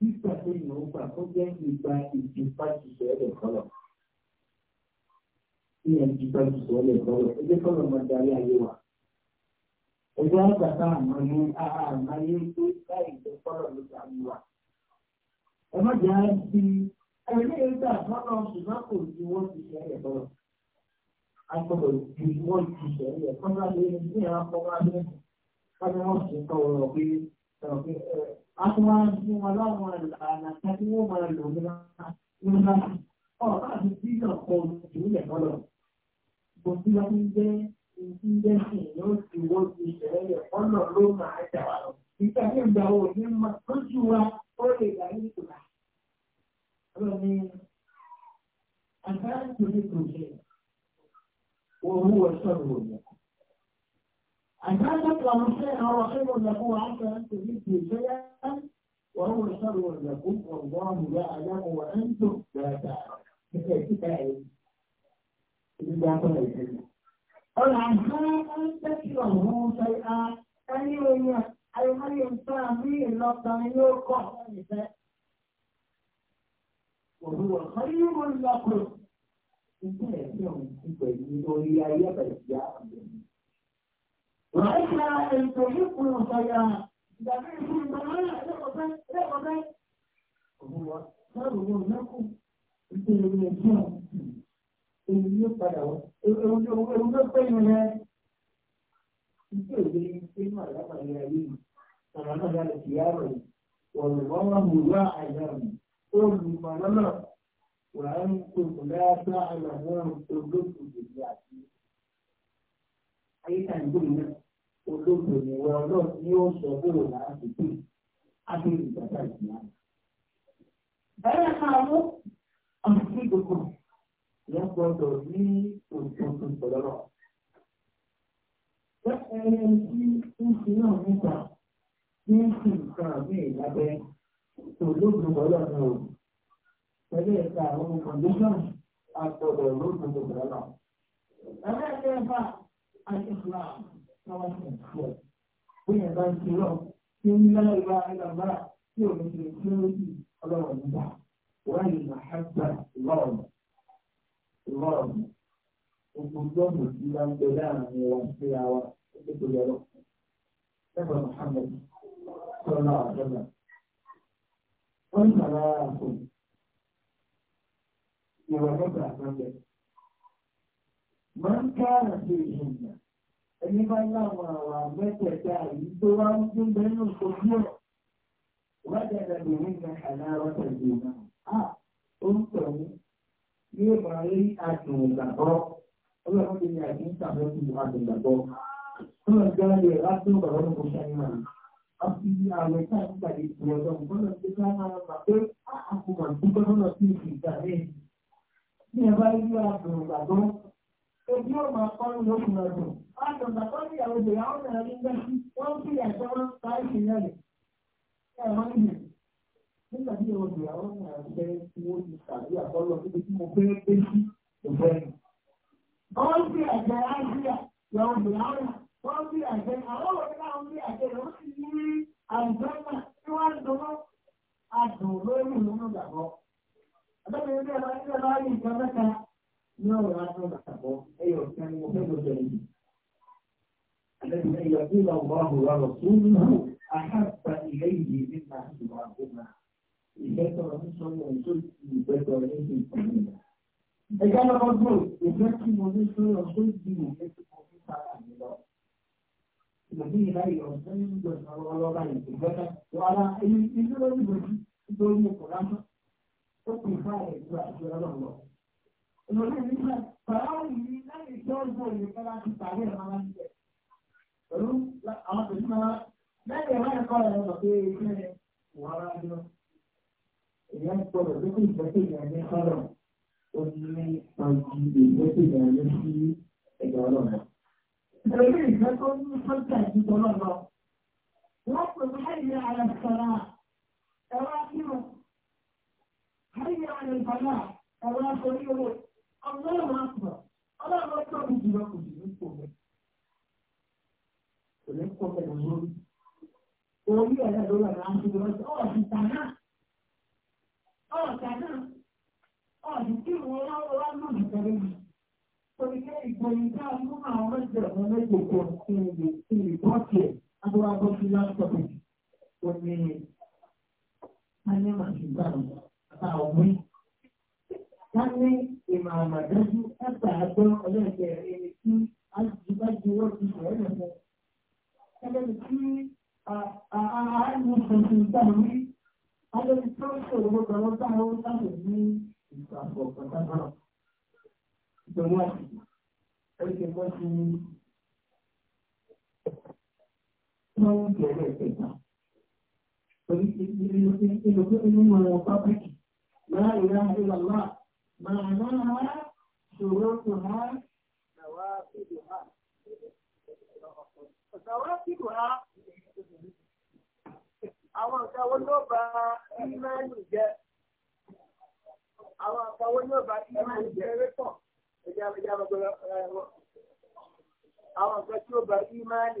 nígbà tó yàn ó gbà kó jẹ́ ìgbà ìdìpájùsọ̀ ẹ̀rẹ̀ kọlọ̀ ní ìdìpájùsọ̀ ẹ̀rẹ̀ kọlọ̀ máa darí ayé wa ẹgbẹ́ àgbàtà àmọ́ ní àmàlẹ́ tó láì jẹ́ ló darí wa ẹ má jẹ́ àti ẹgbẹ́ ìgbà kọlọ̀ ṣùgbọ́n kò ju wọ́n ti ṣe ẹ̀rẹ̀ kọlọ̀ a wọ́n ti ṣe ẹ̀rẹ̀ kábí wọ́n sì kọ́ ọ̀rọ̀ pé ọ̀rọ̀ pé a tún wá sí wọn tí wọ́n máa lò ní ọ̀rọ̀ láti bí ọ̀pọ̀ ìjìnlẹ̀ lọ́lọ́ gbogbo tí wọ́n ń jẹ́ ìdí jẹ́ sí yóò ti wọ́n ti ṣẹlẹ̀ ọ̀nà ló máa jà wà lọ. ìgbà tí ìgbà أن هذا تطلب شيئا رحم لكم حتى أن تجدوا شيئا وهو شر لكم والله أعلم وأنتم لا تعلمون. قل عسى أن تكرهوا شيئا أن يؤمن أي هل ينتهي لفظا يلقى وهو خير لكم. انتهى يوم انتهى من دوري أيام الجاهلية. وعشنا أن olóògbé ìwé ọlọ́run ni ó sọ bóyá láti pè ábẹ́rẹ́ ìgbàgbà ìgbà. Bẹ́ẹ̀ máa mú ọ̀nà sí gbogbo yẹn gbọ́dọ̀ ní òṣèlú ìgbọ̀lọ́rọ̀. Bẹ́ẹ̀ ni tí ń fi náà níta ní ìsìn nǹkan àbí ìlábẹ́ olóògbé ìwọlọ́run o. Pẹ̀lú ẹ̀ka àwọn kọ̀ndíṣọ̀n àgbọ̀dọ̀ olóògbé ìwọlọ́run. Ẹlẹ́ẹ̀kẹ́ bá àti ìfúnra someone can share. máa ń bẹ sí àwa nítorí ẹni bá láwọn àwọn mẹ́tẹ̀ẹ̀ta yìí tó wá ń gbé lẹ́nu ojú ọ̀ wájà dàbí nínú àlárọ̀ tẹ̀lé náà á ah! ó ń tọ̀ ní yóò máa rí adùn ìgbàgbọ́ ọlọ́run ti ní àìsí ìtàbẹ́kù adùn ìgbàgbọ́ ọlọ́run jẹ́ ọ̀rẹ́ láti ọ̀rọ̀ ọ̀rọ̀ kò ṣẹ́yìn rẹ̀ a fi àwẹ̀ tá a ń gbàdé ìpò ọ̀dọ́ ọ̀gbọ́n ká máa mà pé àkùmọ̀ ah, tó gbọ́dọ̀ sí ìgbà rẹ̀ ní ẹ bá rí adùn ìgbàgbọ́ ojú ọmọ akọrin ló fi máa dùn. Àgbàgbà ní ìyàwó ìgbéyà ó nà ní gbẹ́ sí wọ́n fi àjọ wọn pa ìṣe náà lẹ̀. Ẹ̀rọ ìlú nígbà tí ìyàwó ìgbéyà ó nà ṣẹ́ tí ó ti tàbí àkọlọ́ níbi tí mo fẹ́ gbé sí ìfẹ́ mi. Wọ́n fi àjọ Áṣíà ìyàwó ìgbéyà ó nà wọ́n àwọn òwe wọ́n ń dunnú àdùn lórí ìlú ní ọ̀rọ̀ lásán àpapọ̀ ẹyọ kan ni mo fẹ́ lọ sẹ́yìn. Àlẹ́bí ẹyọ kí lọ bọ́ àbúrò ọ̀rọ̀ tó ń lò àhàbà ilé ìdí nípa ìwà àbúrò. Ìfẹ́ sọ̀rọ̀ ń sọ mọ̀ tó ìgbẹ́ sọ̀rọ̀ ní ìgbà ìgbà. Ẹja lọ́wọ́ gbò ìfẹ́ kí mo ní sọ̀rọ̀ tó di ìfẹ́ tí mo fi sára mi lọ. Ìgbàgbé ìlà ìrọ̀sẹ́ ń gbọ̀sán ọlọ́ba ìgbẹ́ta. Wàhálà ilé lórí ìbòjú nítorí ọkọ̀ lásán. Ó kì í fáyà ìgbà ìjọba lọ́wọ́. Ìròyìn nígbà Fàráwì yìí láyé ìjọ́ ìgbò ìrìnkẹ́ láti tàbí ẹ̀rọ máa ń jẹ. Pẹ̀lú àwọn tòjú máa lẹ́yìn ẹ̀rọ ẹ̀kọ́ ẹ̀rọ sọ pé iṣẹ́ wà rájọ. Ìyá ń gbọ́dọ̀ lókè ìgbẹ́sẹ̀ ìrìnàjò sọ̀rọ̀. Ó ní ọjọ́ ìgbẹ́sẹ̀ ìrìnàjò sí ẹ̀dọ̀ ọlọ́run. Ìròyìn ìfẹ́ tó ní sọ́jà ìdíjọ náà lọ. Wọ́n pè mí ẹ̀yẹ ara sọ̀rọ̀ ẹ̀rọ akíwọ̀n. Ẹ̀yẹ ara ìbọ̀lá ẹ̀rọ akọ̀rí owó ọlọ́run àpà ọlọ́run tó ń jùlọ kò sì ní pò mẹ́. kò ní pò mẹ́ lórí. orí ẹ̀rẹ́ ló wà láti ṣe lọ́sọ̀ ọ̀ ti tà náà ọ̀ tà náà ọ̀ ti kí wọn lọ́wọ́ wá lù mí tẹ́lẹ̀ mi. torí pé ìgbòyìn tá a mú àwọn ọmọdé ọmọ méje kọ sí ibi sí ìbọ́ọ̀tì ẹ̀ abúlé abọ́sí láńtọ́pì. ó ní ayé màṣígbà àtàwọn mí ká ní ìmọ̀ àmàdájú ẹgbà àgbọ̀ ọlọ́ọ̀kẹ́ ẹni tí ajúbájú wọ́n ti sọ̀rọ̀ ẹ̀rọ fún. ẹlẹ́ni tí àánú tuntun gbà wí alẹ́ni tó ń sọ̀rọ̀ gbogbo àwọn táwọn táwọn ní ìgbàgbọ́ pàtàkì. ìgbẹ̀rù àti ẹ̀ṣẹ̀ wọ́n ti wọ́n ń bẹ̀rẹ̀ ẹ̀ka. Oríṣiríṣi ìlú pé inú ọ̀rọ̀ pápákì, máa ìlànà ìlànà معناها شروطها نوافذها نوافذها àwọn nǹkan wo ló ba ìmánì jẹ àwọn nǹkan wo ló ba ìmánì jẹ rétọ ẹjẹ ẹjẹ ọgbọgbọ ẹwọ àwọn nǹkan tí ó ba ìmánì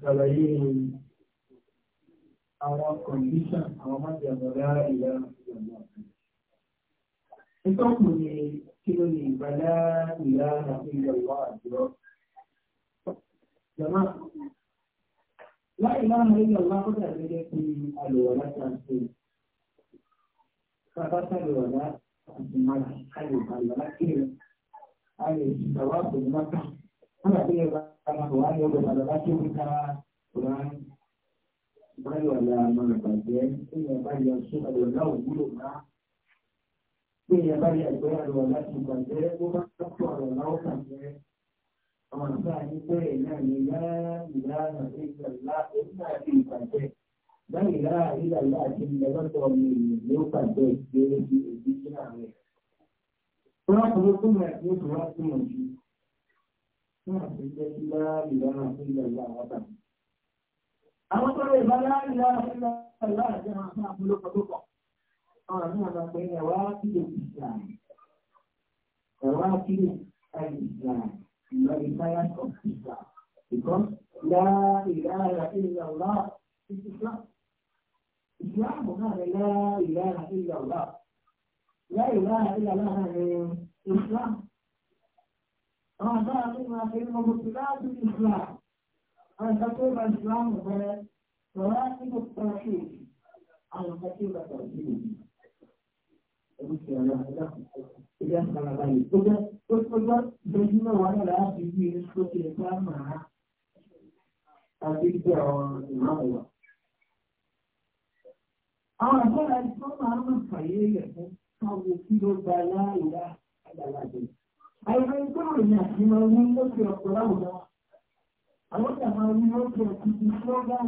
sọ̀rọ̀ yìí àwọn kọ̀ǹdíṣàn àwọn májàmọ̀lá ìyá ìjọba. ni kí ló lè ìbàlá ìyá àti ìjọba àjọ. Jọ̀mọ́, láì láàrin ìjọba kó dàbí jẹ́ kí àlùwàlá ta ṣe. Bàbá sàlùwàlá àti máa àlùwàlá ana iya kama wa ne da malaba ke fita kuran baiwa da marabage sun ya bari a su a dole wa gudu na sun ya bari a goya da wala su kwanzere ko ba ta kuwa da wala kwanzere a wani sa'ani kore na ne ya nila na sai kalla ina fi kwanzere dan ila ila la cikin da ban da wani yau kwanzere ke yi a cikin na ne. Kuma kuma kuma ya ce su wasu mun shi Àwọn tó lè bá láàrin láàrin láàrin jẹ́ máa fún àpolópọ̀lọpọ̀. Àwọn àmì àwọn pé ẹ̀wà kílè ìsìláàmì. Ẹ̀wà kílè ìsìláàmì. Ìlọ ìsáyàtì of Islam. Ìkan láàrin láàrin ìlàlá ìsìláàmì. Ìsìláàmù náà rẹ̀ láàrin láàrin ìlàlá. Láàrin láàrin ìlàlá rẹ̀ ìsìláàmù. أعضاءنا في المبطلات الإسلام أن تكون الإسلام هو مراتب التوحيد على كتيب التوحيد Ilé ẹ̀ka làbá yìí. Ó jẹ́ ó gbọ́ lójúmọ́ wa náà láti bí i tó ti lè fẹ́ máa àti ìgbẹ́ ọ̀rọ̀ ìmáwò wa. Àwọn àgbẹ̀rẹ̀ ẹni tó máa ń fàyè rẹ̀ fún káwọn kí ló gba láàyè àgbàlagbà. Àwọn ẹgbẹ́ ìròyìn àti ìmọ̀ ní ó ti ọ̀pọ̀ láwùjọ. Àwọn ìjà máa ní ó ti ọ̀pọ̀ ti ṣọ́gbà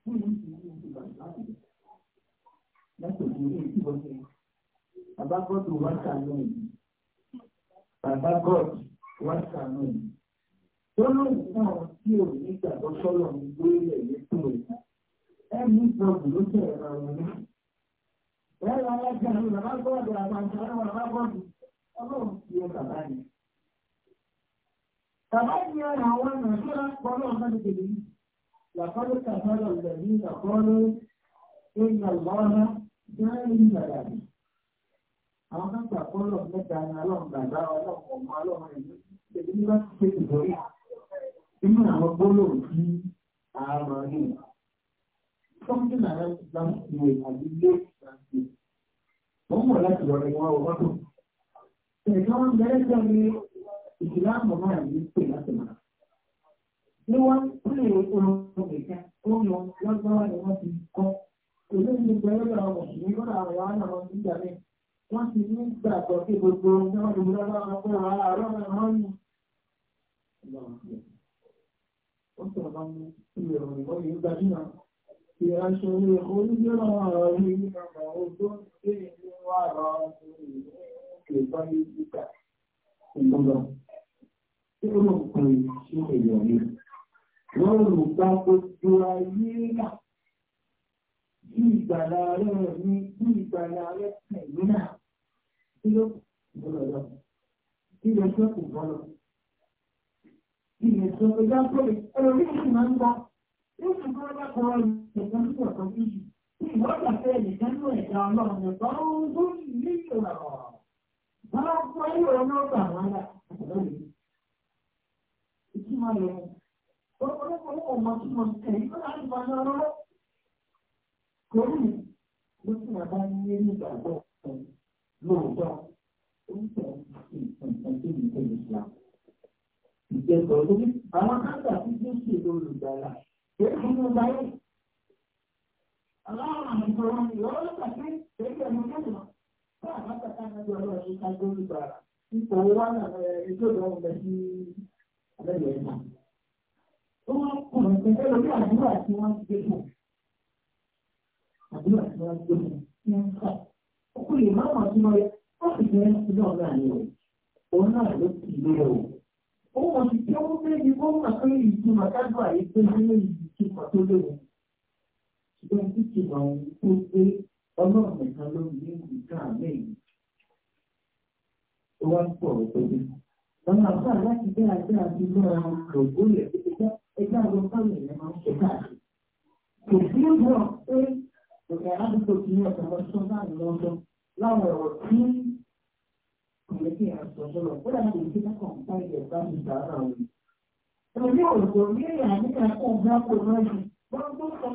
fún ìlú ìlú ìgbà láti ìlú ìgbà láti Bàbá Gọ́ọ̀dù wá sàánú yìí. Bàbá Gọ́ọ̀dù wá sàánú yìí. Tó lóyún náà tí ò ní ìgbàgbọ́ sọ́lọ̀ ní lórí ẹ̀yẹ tó rẹ̀. Ẹni ìgbọ̀gbù ló jẹ́ ẹ̀rọ ọ̀rọ̀ náà. Bẹ́ẹ̀ ni alájà ni bàbá Gọ́ọ̀dù àtàǹtà náà bàbá Gọ́ọ̀dù ọlọ́run ti yọ bàbá yẹn. Bàbá yìí ara àwọn ọ̀nà tó rà pọ̀ náà má lè dèrè yìí. Làkọ́lé kàkọ́lọ̀ lẹ́yìn ìgbàkọ́lé ìgbà lọ́rọ́ jáde ìgbàdà yìí. Àwọn kan gbàkọ́lọ̀ mẹ́ta ni ọlọ́run bàbá ọlọ́run ọmọ ọlọ́run ẹ̀mí. Èdè ní wọ́n ti ṣe ìdórí. Inú àwọn gbólóhùn tí a rọ̀ ní. Something around that way and the late transit. Wọ́n mọ̀ láti lọ rẹ̀ wọ́n wọ́n tó ẹ̀gbọ́n bẹ́rẹ̀ ní ìsìláàmù náà ní pè láti máa. Ní wọ́n pè ohun ìka tó lọ lọ́gbọ́n ni wọ́n ti kọ́. Olóyìn ìgbẹ́rẹ́ lọ wọ̀ ní lọ́dà àwọn àwọn nígbà rẹ̀. Wọ́n ti ní gbàgbọ́ pé gbogbo náà ló lọ́wọ́ ọkọ̀ àárọ̀ náà wọ́n ní. Wọ́n sọ̀rọ̀ bá mú ìrọ̀rùn ìwọ́n yìí gbajúmọ̀. Ìránṣẹ́ orí ẹ̀kọ́ 给关于一个很多的，这个我可以心里有利。我如果不专业了，一百来个你一百来个谁呢？这个不得了，这个说不得了。一年说人家说你，哎呦，你是南方，你是国家国外，你跟我说一句，你我想对你跟我讲，那你当中你有了。Bàbá fún ayé ọ̀rọ̀ náà gbà wá lá àtàlọ́ yìí. Ìtumọ̀ lọ. Ọ̀pọ̀lọpọ̀ ọmọ ọmọ tí mo tẹ̀ yí kọ́ láti bá lọ lọ́wọ́. Kòrí ló sì wà bá ní ní ìgbàgbọ́ lóòótọ́. Oúnjẹ àti ìtàn tó ní ìtàn ìṣúná. Ìjẹ́kọ̀ọ́ lórí àwọn káńtà tí ó ṣe olùgbàlà. Èyí ni ó báyìí. Aláwọ̀ àmì ìṣòro ni ìrọ́lọ́pàá sí èyí ẹ̀mí kẹ́kọ̀ọ́. Báàmá kàkà náà bí ọlọ́run ní ká gbórí bàrà. Ipò wá náà ẹjọ́ lọ bẹ sí abẹ́rẹ́ náà. Ó máa ń kùn ẹ̀sìn pé lórí àdúrà tí wọ́n ń gbé fún. Àdúrà tí wọ́n ń gbé fún ní ń kà. Ó kú lè má mọ̀ sí lọ yẹ. Ó sì fẹ́ sí náà náà ni o. Òun náà ló ti lé o. Ó mọ̀ sí pé ó fẹ́ ní kó mà pé ìtumọ̀ kájú àyè pé ní ọlọ́run nìkan ló ní ìka mẹ́yìn tó wá ń pọ̀ ọ̀gbẹ́ni. Àwọn àbá láti dé ajé àti lọ́ra rògbòlẹ̀ ẹgbẹ́ ẹgbẹ́ àwọn fáwọn èèyàn máa ń ṣe káàkiri. Kò sí ìwọ̀ pé ọ̀gá àdúgbò ti ní ọ̀gá ọ̀ṣọ́ náà lọ́dọ̀ láwọn ọ̀rọ̀ tí kọ̀mẹ́tì àṣọ sọ̀rọ̀ ó dàbí kò sí lákàn bá ilẹ̀ bá mi sàárà òun. Ẹ̀mí òògùn ní ìyá nípa kó gbá kó lọ́yìn. Wọ́n tó sọ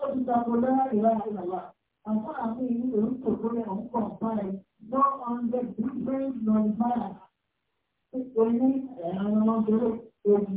ó ti tako lọ́wọ́ ìlànà ìlànà àfọ́ àfi ìlú orúkọ lórí ọ̀pọ̀ báyìí one hundred different non-bala oní ẹ̀rọ ọmọdéró omi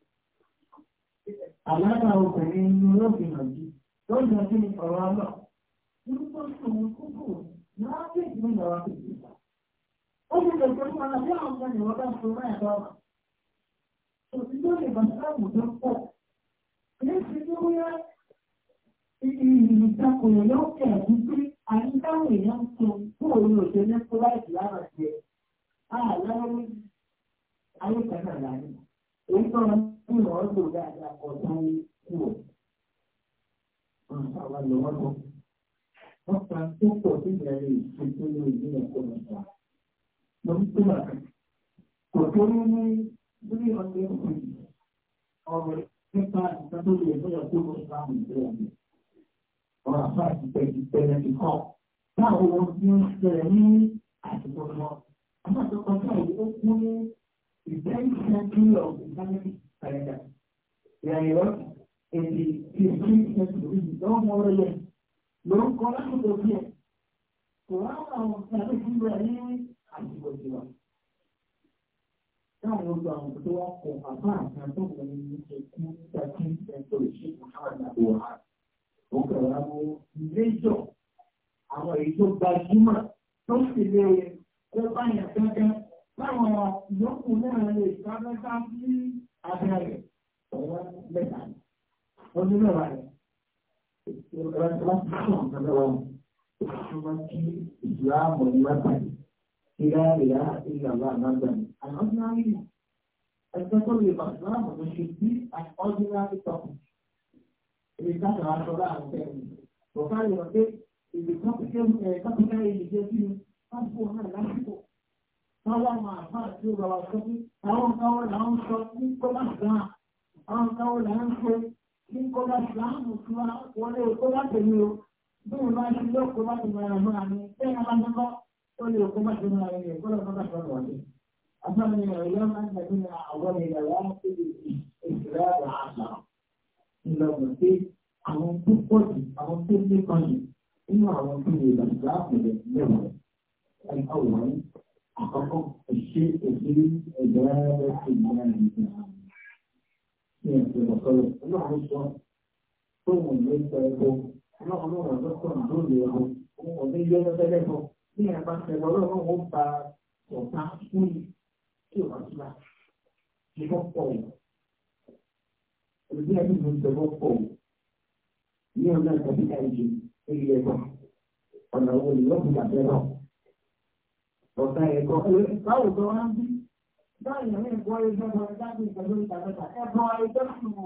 àlànà obìnrin ni yóò fi hàn jù tó ń yanjú ní ọ̀rọ̀ àlọ́ nígbà tó ń kókò láti ìlú ìlọ́wọ́ tó ti gbà. ó ti lè pé wọn àbí àwọn ọmọ ìwọ bá fi rán ẹ̀rọ ọ̀rọ̀. òsì tó lè bá sáàmù tó pọ̀. ní ti tó wúyá ìtakùnrin yóò kẹ̀ ní pé àyíkáwò èèyàn ń sọ bóòlù òṣèlú nẹ́tíláìtì lára jẹ. àlọ́ àwọn ìkànnà làánú. èyí tó wọn tí mò lò dáadáa ọ̀tá ní kú ọ̀. Àwa lọ wọ́n pa tó pọ̀ sí ìrẹ̀lẹ̀ ìṣètò ní ìdílé ẹ̀kọ́ nípa. Mo ń tó màkà. Kò tó ní ní lórí ọdún ìpín ọ̀rọ̀ nípa ìtọ́jú ilé ìfẹ́ tó lọ sí àwọn ìgbéyà mi. Ọ̀rọ̀ àfáà ti bẹ̀ ti bẹ̀rẹ̀ Báwo wọ́n ti ń ṣẹlẹ̀ ní àtìkọ́ lọ? Àwọn àtọ́kọ̀ náà ó kú ìṣẹ́jú ọ̀gbìn kalenda. Yani bak, eti kirkin etmeyi don oraya. Don kolan dokiye. Kolan ama tabi kimleri hangi bozuyor. Tam o zaman bu ko apan tanto benim için takin teknoloji muhammad buhar. O kadar bu neyse. Ama iso bajima. Çok bile kopanya zaten. Ama yok mu ne öyle? Sadece abẹ́ rẹ̀ ọwọ́ mẹ́ta ọdún mẹ́wàá rẹ̀ Ìsìláàmù ìwádìí, ìrá ìrá ìgbàlá àgbàgbàmù. An ordinary, especially if Islam should be an ordinary topic. Èyí káàkiri aṣọ láàrin tẹ́lẹ̀. Bọ̀ká yọ̀ pé ìdí kọ́pítẹ́ ìdíjẹ́ bí wọ́n fún ọ náà lásìkò. Táwọn àwọn àbá àti ìrọ̀wà sọ pé àwọn kan wọ́n là ń sọ ní kọ́lá ìgbà, àwọn kan wọ́n là ń ṣe ní kọ́lá ìgbà àmọ̀ tí wọ́n wọlé òkú láti mi o. Bí wọ́n bá ṣe lọ́kọ̀ọ́ láti mọ ẹ̀rọ máa ní, bẹ́ẹ̀ ni a bá ń kọ́ ó lè òkú láti mọ ẹ̀rọ yẹn kọ́lá ìgbà tó wà ní. Àbámi ẹ̀rọ yẹn máa ń gbàgbé ní àwọn ilẹ̀ wọn ti ìṣẹ̀lẹ̀ àgbà àṣà. Ìlọ̀gbọ̀n pé àwọn tó pọ̀ jù, àwọn tó ní kan jù nínú àwọn tó lè lọ sí àpẹẹrẹ mẹ́wàá. Ẹ̀ka wọ̀nyí. أقوم الشيء في عبادة الله تعالى وقال الله الله ثم ليس لكم الله الله لكم دنياهم ومن يوم ذلكم ní ẹ̀bá ṣẹlẹ̀ ọlọ́run ó ba ọ̀tá fún yìí tí ò bá ti bá ìbọn pọ̀ o. Olùdí ẹni ìbọn ìjọba pọ̀ o. Ní ọ̀nà ìtọ́jú ọ̀tá ẹ̀kọ́ báwo tó wá ń bí báyìí ní ẹ̀kọ́ ẹgbẹ́ ọmọ ẹgbẹ́ ìgbàlódé ìgbàlódé ẹ̀kọ́ ẹgbẹ́ ìgbàlódé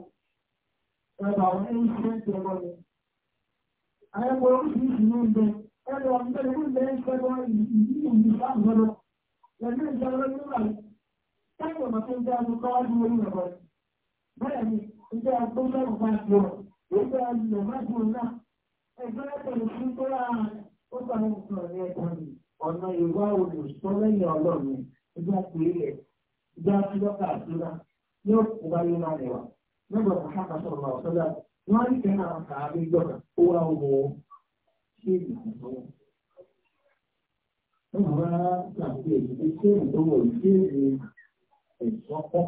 ẹ̀rọ àwọn ẹ̀ńṣẹ́ńtì ẹ̀rọ ni. àyẹ̀wò oríṣiríṣi ní ń bẹ ẹ̀rọ ọ̀gbẹ́ ìgbẹ́ ìgbẹ́gbọ́ ìlú ìlú sáàmùlọ́ lẹ́nu ìjọba nígbà táyọ̀ mọ̀ tó ń jẹ́ ọdún kọ́wájú orí ọ̀rọ̀ bẹ́ẹ̀ ni ìjọ agbóhùn máa ti rọ̀ ìjọ alùpùpù máa ti rọ̀ náà ẹgbẹ́ ẹ̀kọ́ ìfúnkọ́lá ó sọ ní ẹ̀kọ́ ọ̀nà ìwà olùsọ́lẹ́yìn ọlọ́run ìgbà tí ilẹ̀ ìgbà tí lọ́kà àdúrà yóò kó wáyé máa rẹwà lọ́gbà pàtàkì sọ̀rọ̀ ọ̀sọ́lá wọn á rí kẹ́ àwọn kàárí ìjọba ó wá wọ ṣé ìdìbò wọn wá láti èyí pé ṣé ìdánwò ìṣèlè ẹ̀sọ́kọ́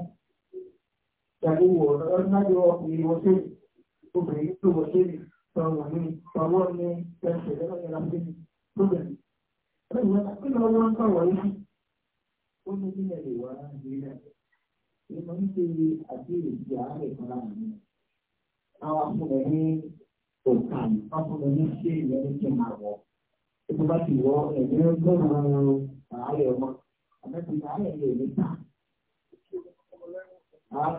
tàbí wọ ọ̀rọ̀ ìwọ̀ ṣé obìnrin tó wọ ṣé ìtọ̀wọ̀ ní ọwọ́ ní ẹ̀ṣẹ̀ lẹ́wọ̀n yẹn láti kí ló wọ́n ń sọ̀rọ̀ yìí ní nílẹ̀ lè wá nílẹ̀ ìmọ̀ ń ṣe àbílẹ̀ ti àwọn afúnẹ̀ ní òkàn afúnẹ̀ ní ṣé ìyẹn ní máa wọ̀ ètò bá ti wọ ẹ̀mí ọgọ́rùn-ún àárẹ̀ ọmọ àbẹ́tì àárẹ̀ yìí ò tà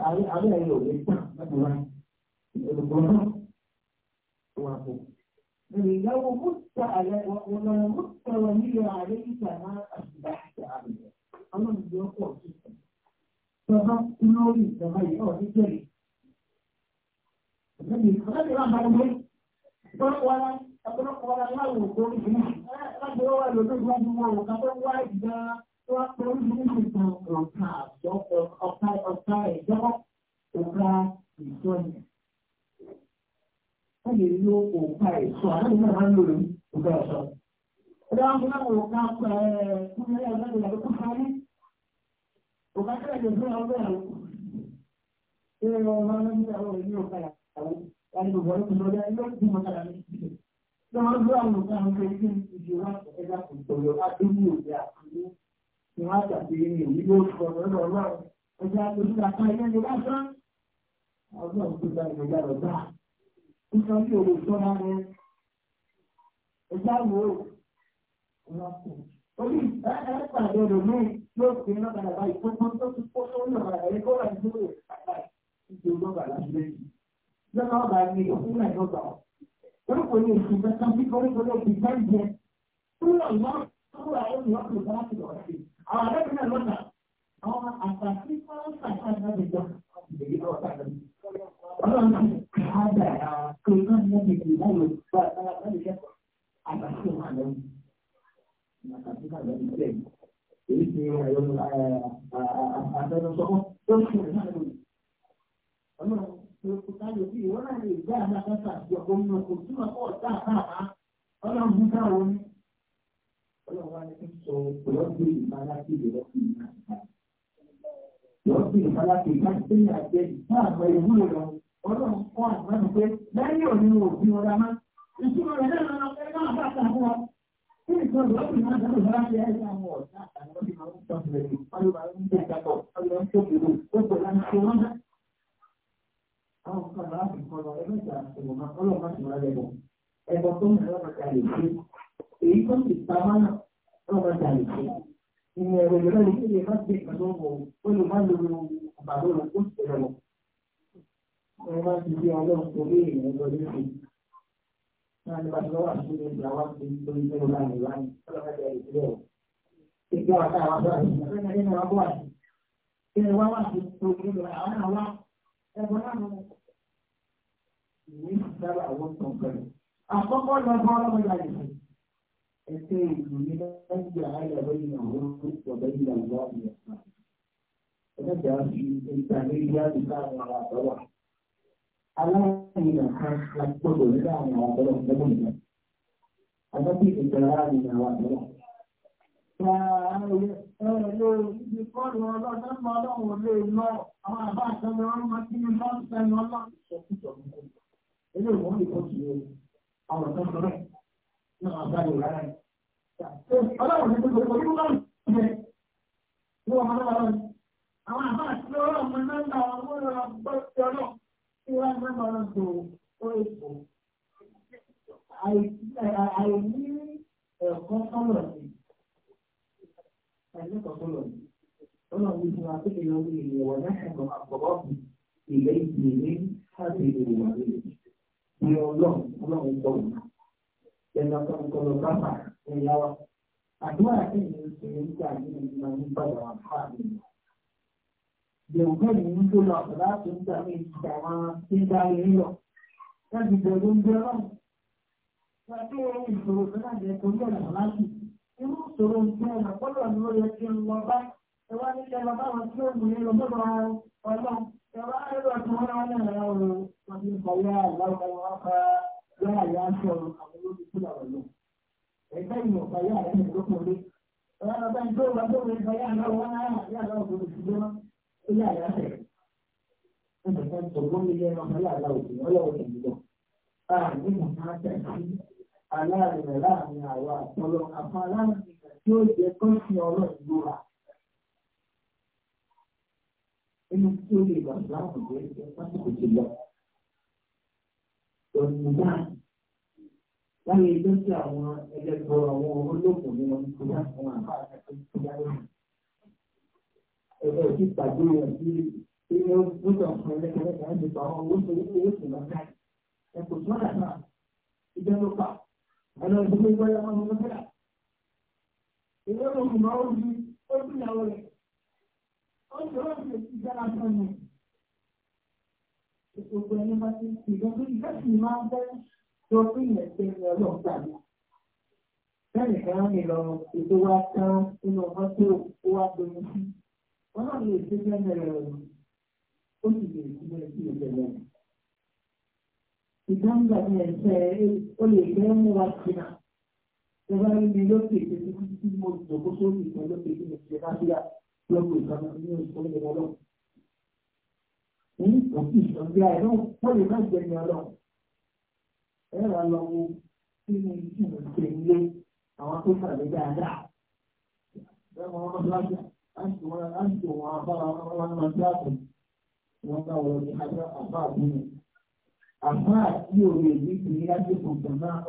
àárẹ̀ yìí ò tà لو مت على ولو مت ولي عليك ما أصبحت عليه أنا من يقول جدا فما نوري تغير رجلي الذي خلق راح عليه فرق ولا أطرق ولا لا وقول لا جوا لو تجوا جوا وكتب وايد دا وأقول لهم أنت أنت أنت أنت أنت أنت أنت أنت wọ́n lè lo òǹkà ẹ̀sọ́ àwọn ìlú máa ń lò ní òǹkà ẹ̀sọ́. Ọ̀dọ́ àwọn fúnra wọn ká pa ẹ̀ kúnlẹ̀ ọ̀dọ́ ìlànà kó parí. Òǹkà tó ẹ̀jẹ̀ fún ọgbẹ́ àwọn ìrìn ọmọ ní àwọn ìlú òǹkà àwọn láti gbogbo ọdún lọ́dọ̀ ẹgbẹ́ tó mọ kára ní ìdílé. Lọ́wọ́ ló àwọn òǹkà àwọn ọmọ ìdílé ìdílé wá ẹ̀dá kò tọ̀yọ̀ adúlé òde àkúrú. Ìwọ́n àtàkì ènìyàn yìí ló sọ lọ́dọ̀ ọlọ́run. Ẹja àtòjúlá kan ẹgbẹ́ ni lásán. Ọlọ́run tó dá ìgbẹ́jà lọ bá nítorí òwe ìjọba rẹ ẹgbẹ́ àwọ̀ ọ̀rọ̀kù orí ìpàdé rẹ̀ ní yóò fi iná padà bá ìkókó tó ti kó tó ń lọ́wọ́ kó wà ní ìlú àgbà ìjọ lọ́gbà láti lẹ́yìn lọ́nà ni òkú náà lọ́gbà orí kò ní èsì mẹ́ta bí orí kò ní èsì mẹ́jẹ kúrò ìmọ̀ kúrò àwọn ènìyàn kò bá ti lọ́wọ́ sí àwọn àdébí náà lọ́nà àwọn àtàkì fọ́nrán sàkà náà lè jọ ọlọ́run ti ká dàrá pé náà ní ẹni ìlú náà lòdì bá a sára láti kẹ́kọ̀ọ́ àgbàṣe wà lẹ́yìn àgbàṣe wà lẹ́yìn bẹ́ẹ̀ èyí ti àtẹnusọ́kọ́ tó ń ṣe náà lòdì ọlọ́run tó kú káyọ̀ sí ìwọ́n náà lè gbé àgbà kẹta àti ọkọ̀ nínú ọkọ̀ tí wọ́n kọ́ ọ̀tá àbá ọlọ́run ti ká wọn ní ọlọ́run wá ní kí n sọ pẹ̀lọ́gbé ìfaláṣí ìrọ́pì ìrọ́pì ìfaláṣí ìfaláṣí àjẹ ìfáàmọ́ ìwúrò lọ́wọ́ ọlọ́run fún àgbẹ̀nu pé lẹ́yìn òní òbí ọ̀dà máa ìṣúná rẹ̀ náà lọ́nà pé náà fún ọ. Kí nìkan ló máa ń tọ́ sílẹ̀ láti ṣe wọ́n dá. Àwọn kan bá fi kọ́ lọ ẹgbẹ́ ìjà àṣẹwò máa kọ́ lọ́ọ̀ má ti máa lẹ́bọ̀. Ẹ̀bọ̀ tó ń lọ ọ̀dà lè ṣe. Èyí tó ti ta wá náà ọ̀dà lè ṣe. Ìmọ̀ ẹ̀rọ wọ́n máa ti bí ọlọ́run tó lé ìrìn lọ lórí. Náà ni bàtà wà sí ìgbà wá sí orí tó lọ́la ní ìlànà ọlọ́mọdé ìdílé ọ̀. Ìgbà wà tá a wá bá a sùn, ọ̀rẹ́ nínú wa bọ̀ àti. Ìrìn wá wà sí orí lọ àwọn àwa ẹ̀bùn náà mú. Ìwé ìsára àwọn kan pẹ̀lú. Àkọ́kọ́ lọ bọ́ ọlọ́mọdé àdìsí. Ẹsẹ̀ ìlú ní lẹ́yìn àyẹ̀wò ìyàwó ọ̀bẹ ìyàwó ọ̀bẹ ìyàwó. Ẹgbẹ́ aláìsàn àwọn àbá àti ọlọ́run náà ń bá gbọ́ ọlọ́run àìní ẹ̀kọ́ sọ́rọ̀ sí àìní ẹ̀kọ́ sọ́rọ̀ sí ọ̀nà òun fún wa pé kí wọ́n lè wọ̀ lẹ́sẹ̀kọ̀ àkọ́kọ́ sí ilé ìgbìmí láti ìlú wà nílé bí ọlọ́run ọlọ́run tọ̀ wọ́n ẹ̀yà kan kọlọ bàbà ẹ̀yà wa àdúrà kí ni ìṣẹ̀lẹ̀ ń gbà nínú ìgbà ní bàbá wa fáà Yorùbá ni ń tó lọ àbúrá tó ń darí ìdàmà tí ń darí lílọ. Láti bẹ̀rù ń bẹ̀rù ọ̀hún. Wọ́n ti ìṣòro tó láti ẹ̀kọ́ ní ọ̀nà láti. Irú ìṣòro ń ọ̀nà pọ́lọ̀ ni ó yẹ kí n lọ bá. Ẹ wá ní kẹ́ lọ bá wọn tí ó mú ní ọmọ ọlọ́run. Ẹ wá ẹ̀rọ tí wọ́n rán náà rán o. Wọ́n ti ń bọ̀ yá àláwọ̀ wọn fa yá àyà aṣọ àwọn olóṣèlú àwọn lọ. Ẹgbẹ́ ìmọ̀ fa yá àyà ìlú ó ní àlàáfẹ́ ọmọ ìta tọ̀gbọ́n mi lẹ́nu ọmọ aláàlá òbí ọlọ́wọ́ ìlú lọ. Ààrùn mọ̀ máa tẹ̀sí aláàrẹ̀ láàrin àwa àtọ́lọ́ àfa aláàrẹ̀ tí ó jẹ kán sí ọ̀rọ̀ ìlú wa. Inú tí ó lè gbà láàrùn jẹ́ jẹ́ pásítọ̀ ti lọ. Lọ́nà náà láyé ẹjọ́ sí àwọn ẹlẹ́gbọ́ àwọn olókùn nínú ìtura àwọn àbá àti ìtura ìlú ẹ̀rọ ìdí pàdé rẹ̀ sí ilé gbúdọ̀ fún ẹlẹ́kẹ̀ẹ́kẹ́ láti pa àwọn owó tó wípé owó tó ẹ̀ kò tó rà náà ìjẹ́ ló pa ẹ̀rọ ìdí pé wáyé wọn ló fẹ́ra. ìwé lòun máa ń rí ó bí ìyàwó rẹ̀ ó sì rọ̀ sí ìjára fún mi. Gbogbo ẹni bá ti ń fi gbogbo Bẹ́ẹ̀ni kan ni ètò wa tán nínú ọmọ tó wá domi sí wọ́n náà lè ṣe fẹ́ mẹ́rẹ̀ rẹ̀ ó sì lè ṣe mẹ́rẹ̀ sí ìṣẹ̀ rẹ̀. ìdáńgbà ni ẹ̀ṣẹ̀ ó lè fẹ́ mú wa jìnnà ẹ bá rí mi lókè ṣe tí wọ́n ti mọ ìjọba sórí ìtàn lókè tí mo ṣe bá bí a lọ́kọ̀ ìtàn ní oṣù tó lọ. ní òkè ìṣọ̀gbé àìrọ̀ wọ́n lè má jẹ́ ní ọlọ́run. ẹ wà lọ wo nínú ìṣẹ̀lẹ̀ àwọn tó sàlẹ̀ dáadáa. ẹ mọ ọmọ tó àjọwọ̀n abára wọn máa tí àpò wọn bá wọ ní abẹ́ àbá àbúrò. Àbá àti òwe èyí kì í láti gbọ̀ngàn náà ó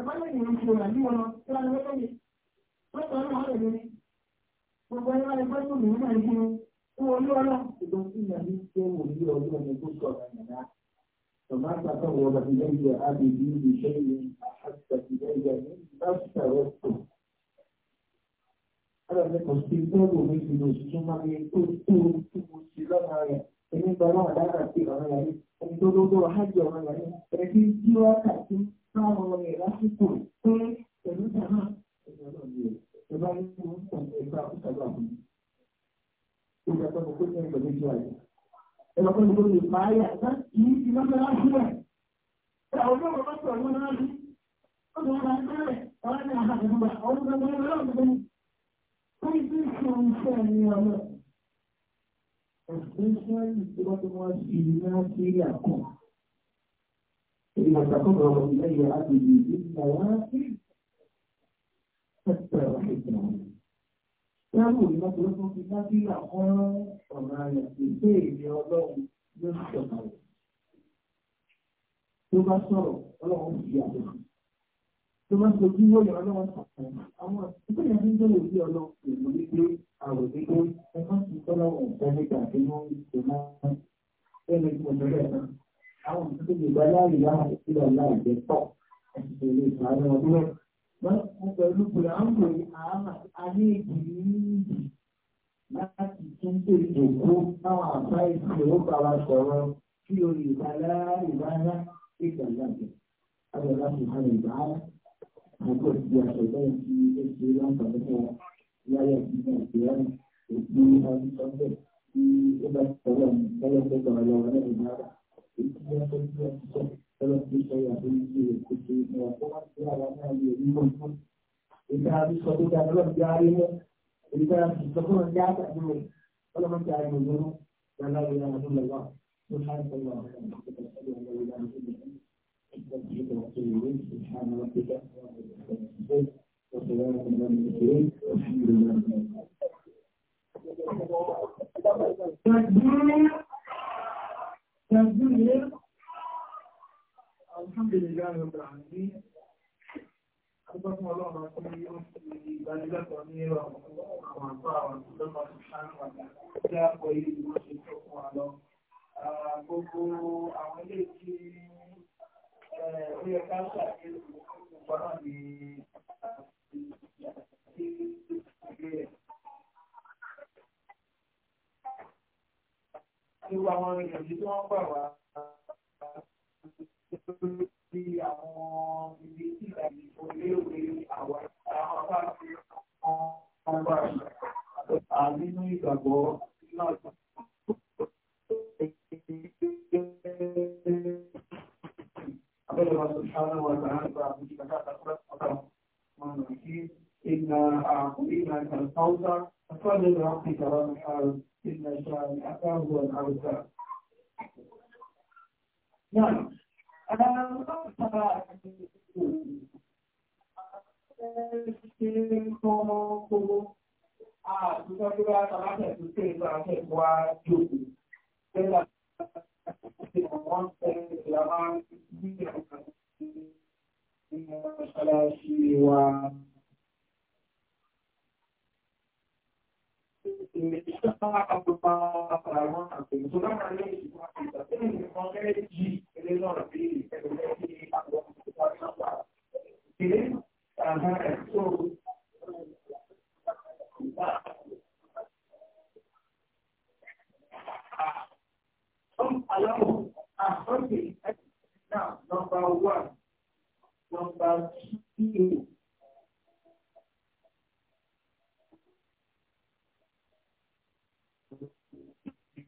ìpàdé ìrìn ìṣòro àbí wọn tí wọn lọ lóye wọn sọ náà wọn lè gbogbo ẹni wọn lè gbọ́ tó lù ú náà ní kí wọn lé ọlọ. ìgbà tí ìyá mi ṣe wò ní ọdún ọdún tó sọ ọ̀gá Tọ̀má àtàkọ́ wọ bàbí lẹ́yìn àbèbí ìṣe ìlú àti ìgbà táwọn ọmọ rẹ̀ lásìkò pé pẹ̀lú ìdáná ẹ̀yìn ọlọ́ọ̀dẹ ẹ̀ bá ní kí wọ́n tàn ẹ̀ka ọ̀sàgbà fún mi. ó yà sọ́kọ̀ pé ní ẹgbẹ̀rún ìjọ àyè. ẹ lọ́kọ́ ní lórí ìpáyà náà kì í fi lọ́sẹ̀ láti rẹ̀. ẹ àwọn ọmọ bá sọ̀rọ̀ wọn láti. ó ti wọ́n bá ń bẹ̀rẹ̀ ọ̀rẹ́ ní àhàdùnúgbà ọ̀rẹ́ ní ọ̀rẹ́ ní ọ̀rẹ́ ní ọ̀rẹ́ ní ọ̀rẹ́ ní ọ̀rẹ́ إذا تقرب إلي عبدي بالنوافل حتى أحبه Sáàrùn ìlọ́pọ̀ tó fi lábílà fún ọ̀nà rẹ̀ ìgbé ìrẹ ọlọ́run ló ń sọ̀tà rẹ̀. Tó bá sọ̀rọ̀ ọlọ́run fi àjọ. Tó bá sojú lóyè ọlọ́run sọ̀tàn. Àwọn ìgbé yẹn ní lóyè sí ọlọ́run èlò wípé àrò wípé ẹ ti tọ́lọ́run ọ̀pọ̀ nígbà tí wọ́n ń ṣe máa ń ẹni náà àwọn òṣìṣẹ́ ìgbà láàyè láwọn ìṣẹ̀lẹ̀ aláìjẹ́ pọ̀ ẹ̀sìn ìṣẹ̀lẹ̀ ìṣàánú ọdún rẹ̀. wọ́n pẹ̀lú pẹ̀lú àwọn òye àmà ayé ìgbìyànjú láti tún pé ìdòkú táwọn àbá ìṣẹ̀ ó bá sọ̀rọ̀ kí orí ìgbàlá ìbára ìgbàlá jẹ. Àwọn láti ha lè bá àgbọ̀ ti aṣọ bẹ́ẹ̀ tí ó ṣe láǹfààní fún wọn láyé ìgbìmọ̀ ìgbéyà òkú ọdún sọ́ńdẹ̀ tí ó bá sọ̀rọ̀ ní lọ́yọ̀ tó sọ̀rọ̀ lọ́wọ́ náà ìbára èyí tí wọ́n fẹ́ tí wọ́n ti sọ ẹlọ́ tí sọ ìyàtọ̀ ìṣe èkó ṣe ìmọ̀ràn tó wá sí ara náà lè rí wọn fún. ìta àti sọ tó dáa lọ́dọ̀ bí arí mọ́ èyí tí wọ́n ti sọ fún ọ̀dẹ́ àtàkùn rẹ̀ ọlọ́mọ tí Thank you yanzu irú àwọn ìrìnàjò tí wọ́n gbà wá lórí àwọn ibi tí ìlànà ìfọ̀léwé àwọn apá tí wọ́n gbà wá nínú ìgbàgbọ́ náà. الله سبحانه وتعالى إن شانئك هو الأبتر نعم أنا أرسل Thank you. ìgbésẹ̀ náà àpòpá àwọn àpèjọ lọ́wọ́ one nọ́mbà two.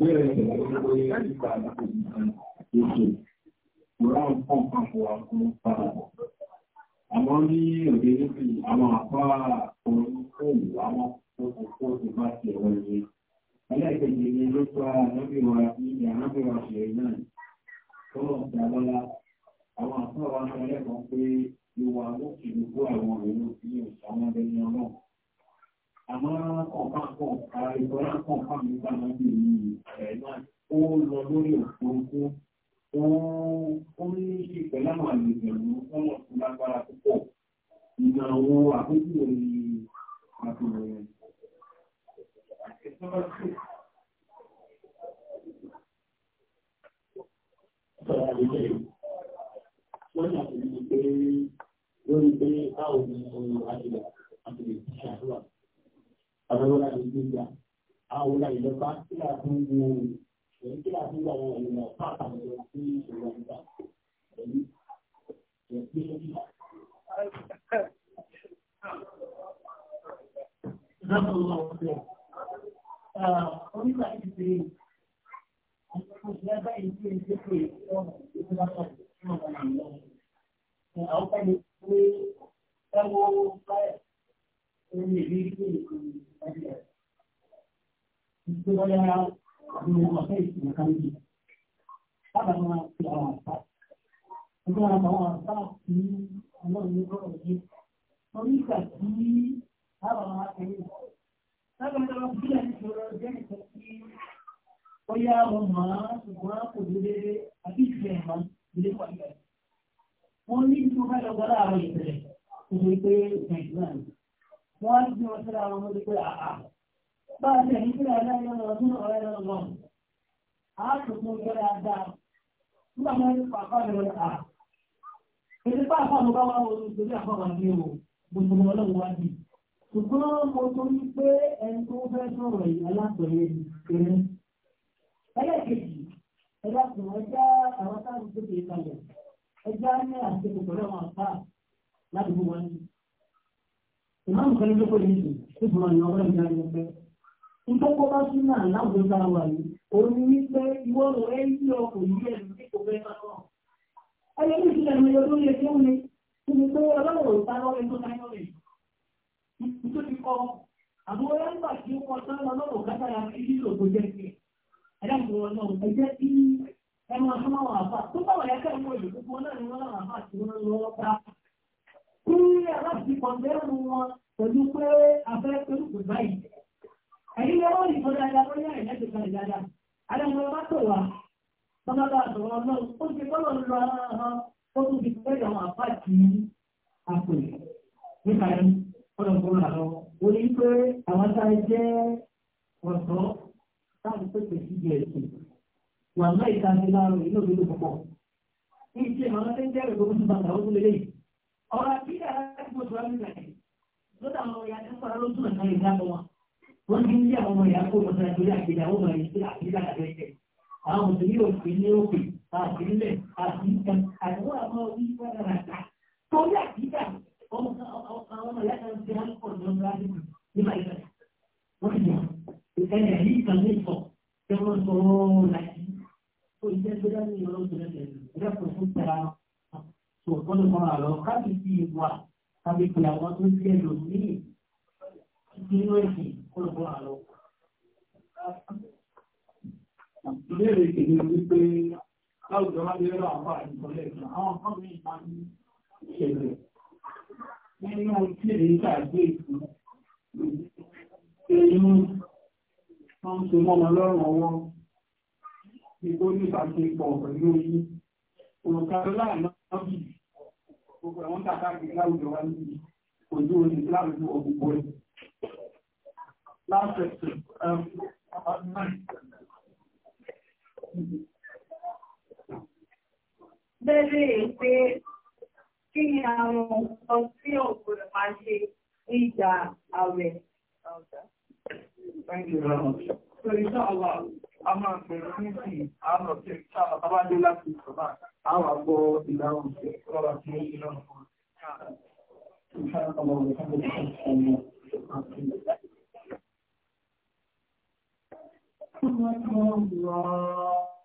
ìbéèrè àwọn àwọn fóònù fóònù bá ti ẹ̀rọ ló pa ànábìwà àwọn àpá wa sọ ní òṣàwọn àmọ́ kọ̀ọ̀kan kan ara ìtọ́lá kọ̀ọ̀kan nígbà náà bí ó lọ lórí òfurufú ó ní ṣe pẹ̀lú àwọn àgbègbè ọmọ tó púpọ̀ ìgbà wo àkókò ní àtúnwò rẹ̀. Wọ́n ṣàfihàn pé lórí pé báwo ni àti lè ṣàdúrà abẹ́wọ́lá ní gbígbà àwọn ọ̀la ìjọba tí a tún wo èyí tí a tún wà wọn ìlànà pàtàkì lọ sí ìlú àgbà pẹ̀lú ẹgbẹ́ yìí. Onígbà tí ti ṣe ẹgbẹ́ yìí tí ń ṣe pé ọmọ ìgbésẹ̀ lọ́sọ̀ tí wọ́n wà ní ọ̀la. Àwọn ọ̀pẹ́ ni pé ẹwọ́ báyẹ̀ ó lè rí ìgbésẹ̀ Ìgbé wọ́n yára àwọn ọ̀fẹ́ ìsìnkú kan àwọn àṣà. Ẹgbẹ́ àwọn àwọn àṣà ìgbà tí wọ́n á ti wọ́n síra àwọn ọmọdé pé àá ah, ah. bá a ti ẹ̀yìn síra ẹ̀dá ìlànà ọdún ọ̀rẹ́ lọ́nà lọ́nà á tó fún ìgbẹ́rẹ́ àdá nígbà máa ń pàpà lọ́nà à èdè bá àpá àwọn bá wà wọ́n nítorí àpá wà ní o gbogbo ọlọ́run wá di ṣùgbọ́n mo torí pé ẹni tó fẹ́ sọ̀rọ̀ yìí alápẹ̀rẹ̀ kéré ẹlẹ́ẹ̀kejì ẹ̀dá kùn ẹjá àwọn àwọn àpá ìmáàmù kan ló kọ́ yìí tó ti máa yan ọ̀rọ̀ ìyá pẹ́. Ìtọ́kọ́ bá sí náà láwùjọ tá wà yìí, òun ni wípé ìwọ lọ ọkọ̀ yìí ẹ̀ ní kò fẹ́ bá kọ́. Ẹyẹ ní ìṣẹ̀lẹ̀ mi yọ lórí ẹgbẹ́ mi, kí ni pé ọlọ́run ò bá lọ́rẹ́ tó náà lọ́rẹ́. ti kọ́, àbúrò ẹ̀ ń gbà tí aláàbí kọ̀ndẹ́rù wọn pẹ̀lú pé afẹ́ kò báyìí. ẹ̀yin lè wọ́n ìfọ́ dáadáa lórí àyè láti kan ìdáadáa. adájọ́ bá tọ̀ wá bàbá bá sọ̀rọ̀ ọlọ́run ó ti kọ́lọ̀ lọ ahọ́n ó tún fi pẹ́ àwọn àpáàtì àpè nípa ẹ̀ ọlọ́gbọ́n àlọ́. ó ní pé àwọn sáré jẹ́ ọ̀dọ́ táwọn pèsè sí ẹ̀sìn wà láì ta ní inú mi ló pọ̀. ní ìṣe àwọn tẹ́ńtẹ́rẹ̀ tó ń bàtà ó tún lélẹ́yìí ọ̀rọ̀ àti àgbẹ̀gbẹ̀ tó rámi rẹ̀ lọ́dọ̀ àwọn ọ̀yà tó fara lójú ọ̀nà ìdáná wọn wọ́n ti ń yí àwọn ọ̀yà kó mọ́tò àgbélé àgbélé àwọn ọ̀yà tó àgbélé àgbélé àwọn mùsùlùmí òfin ní òfin àgbélé àti àwọn àwọn orí wẹ́rẹ́ ràdà torí àgbélé àwọn ọ̀yà kan ti hàn pọ̀ lọ́dọ̀ nígbà ìgbà wọ́n ti yà ẹ̀yà yìí kan ní sọ tẹ́wọ́n sọ ọ́ láti ó ìjẹ́ gbé tó gbọ́dọ̀ mọ́ àlọ́ káàkiri sí ìwà tàbí pé àwọn tó jẹ́ lòmíì nínú ẹ̀sìn gbọ́dọ̀ mọ́ àlọ́. Ìbéèrè kìíní wípé láwùjọ máa lérò àwọn àìsọ̀lẹ̀ àwọn kan ní ìgbà ní ìṣẹ̀lẹ̀. Nínú tí èyí tàgbé ìfún èyí wọ́n ń so mọ́mọ lọ́rùn ọwọ́ nígbó ní ìbáṣepọ̀ pẹ̀lú oyin. Òǹkà láàrín náà bìí gbogbo àwọn tàbí àgbègbè láwùjọ wa ní ojú orí láàrin ní ọgbogbo rẹ̀. Last question. Um, about nine. Bẹ́ẹ̀rẹ̀ pé kí ni àwọn nǹkan tí ọ̀gbọ̀n máa ṣe ní ìgbà àwẹ̀? Thank you very much. So, inshallah a máa bẹ̀rẹ̀ níbi àmọ̀ tí a bá dé láti ìjọba àwọn àgbọ̀ ìdáhùn sí ọ̀rọ̀ tí ó yíra wọn. Thank you.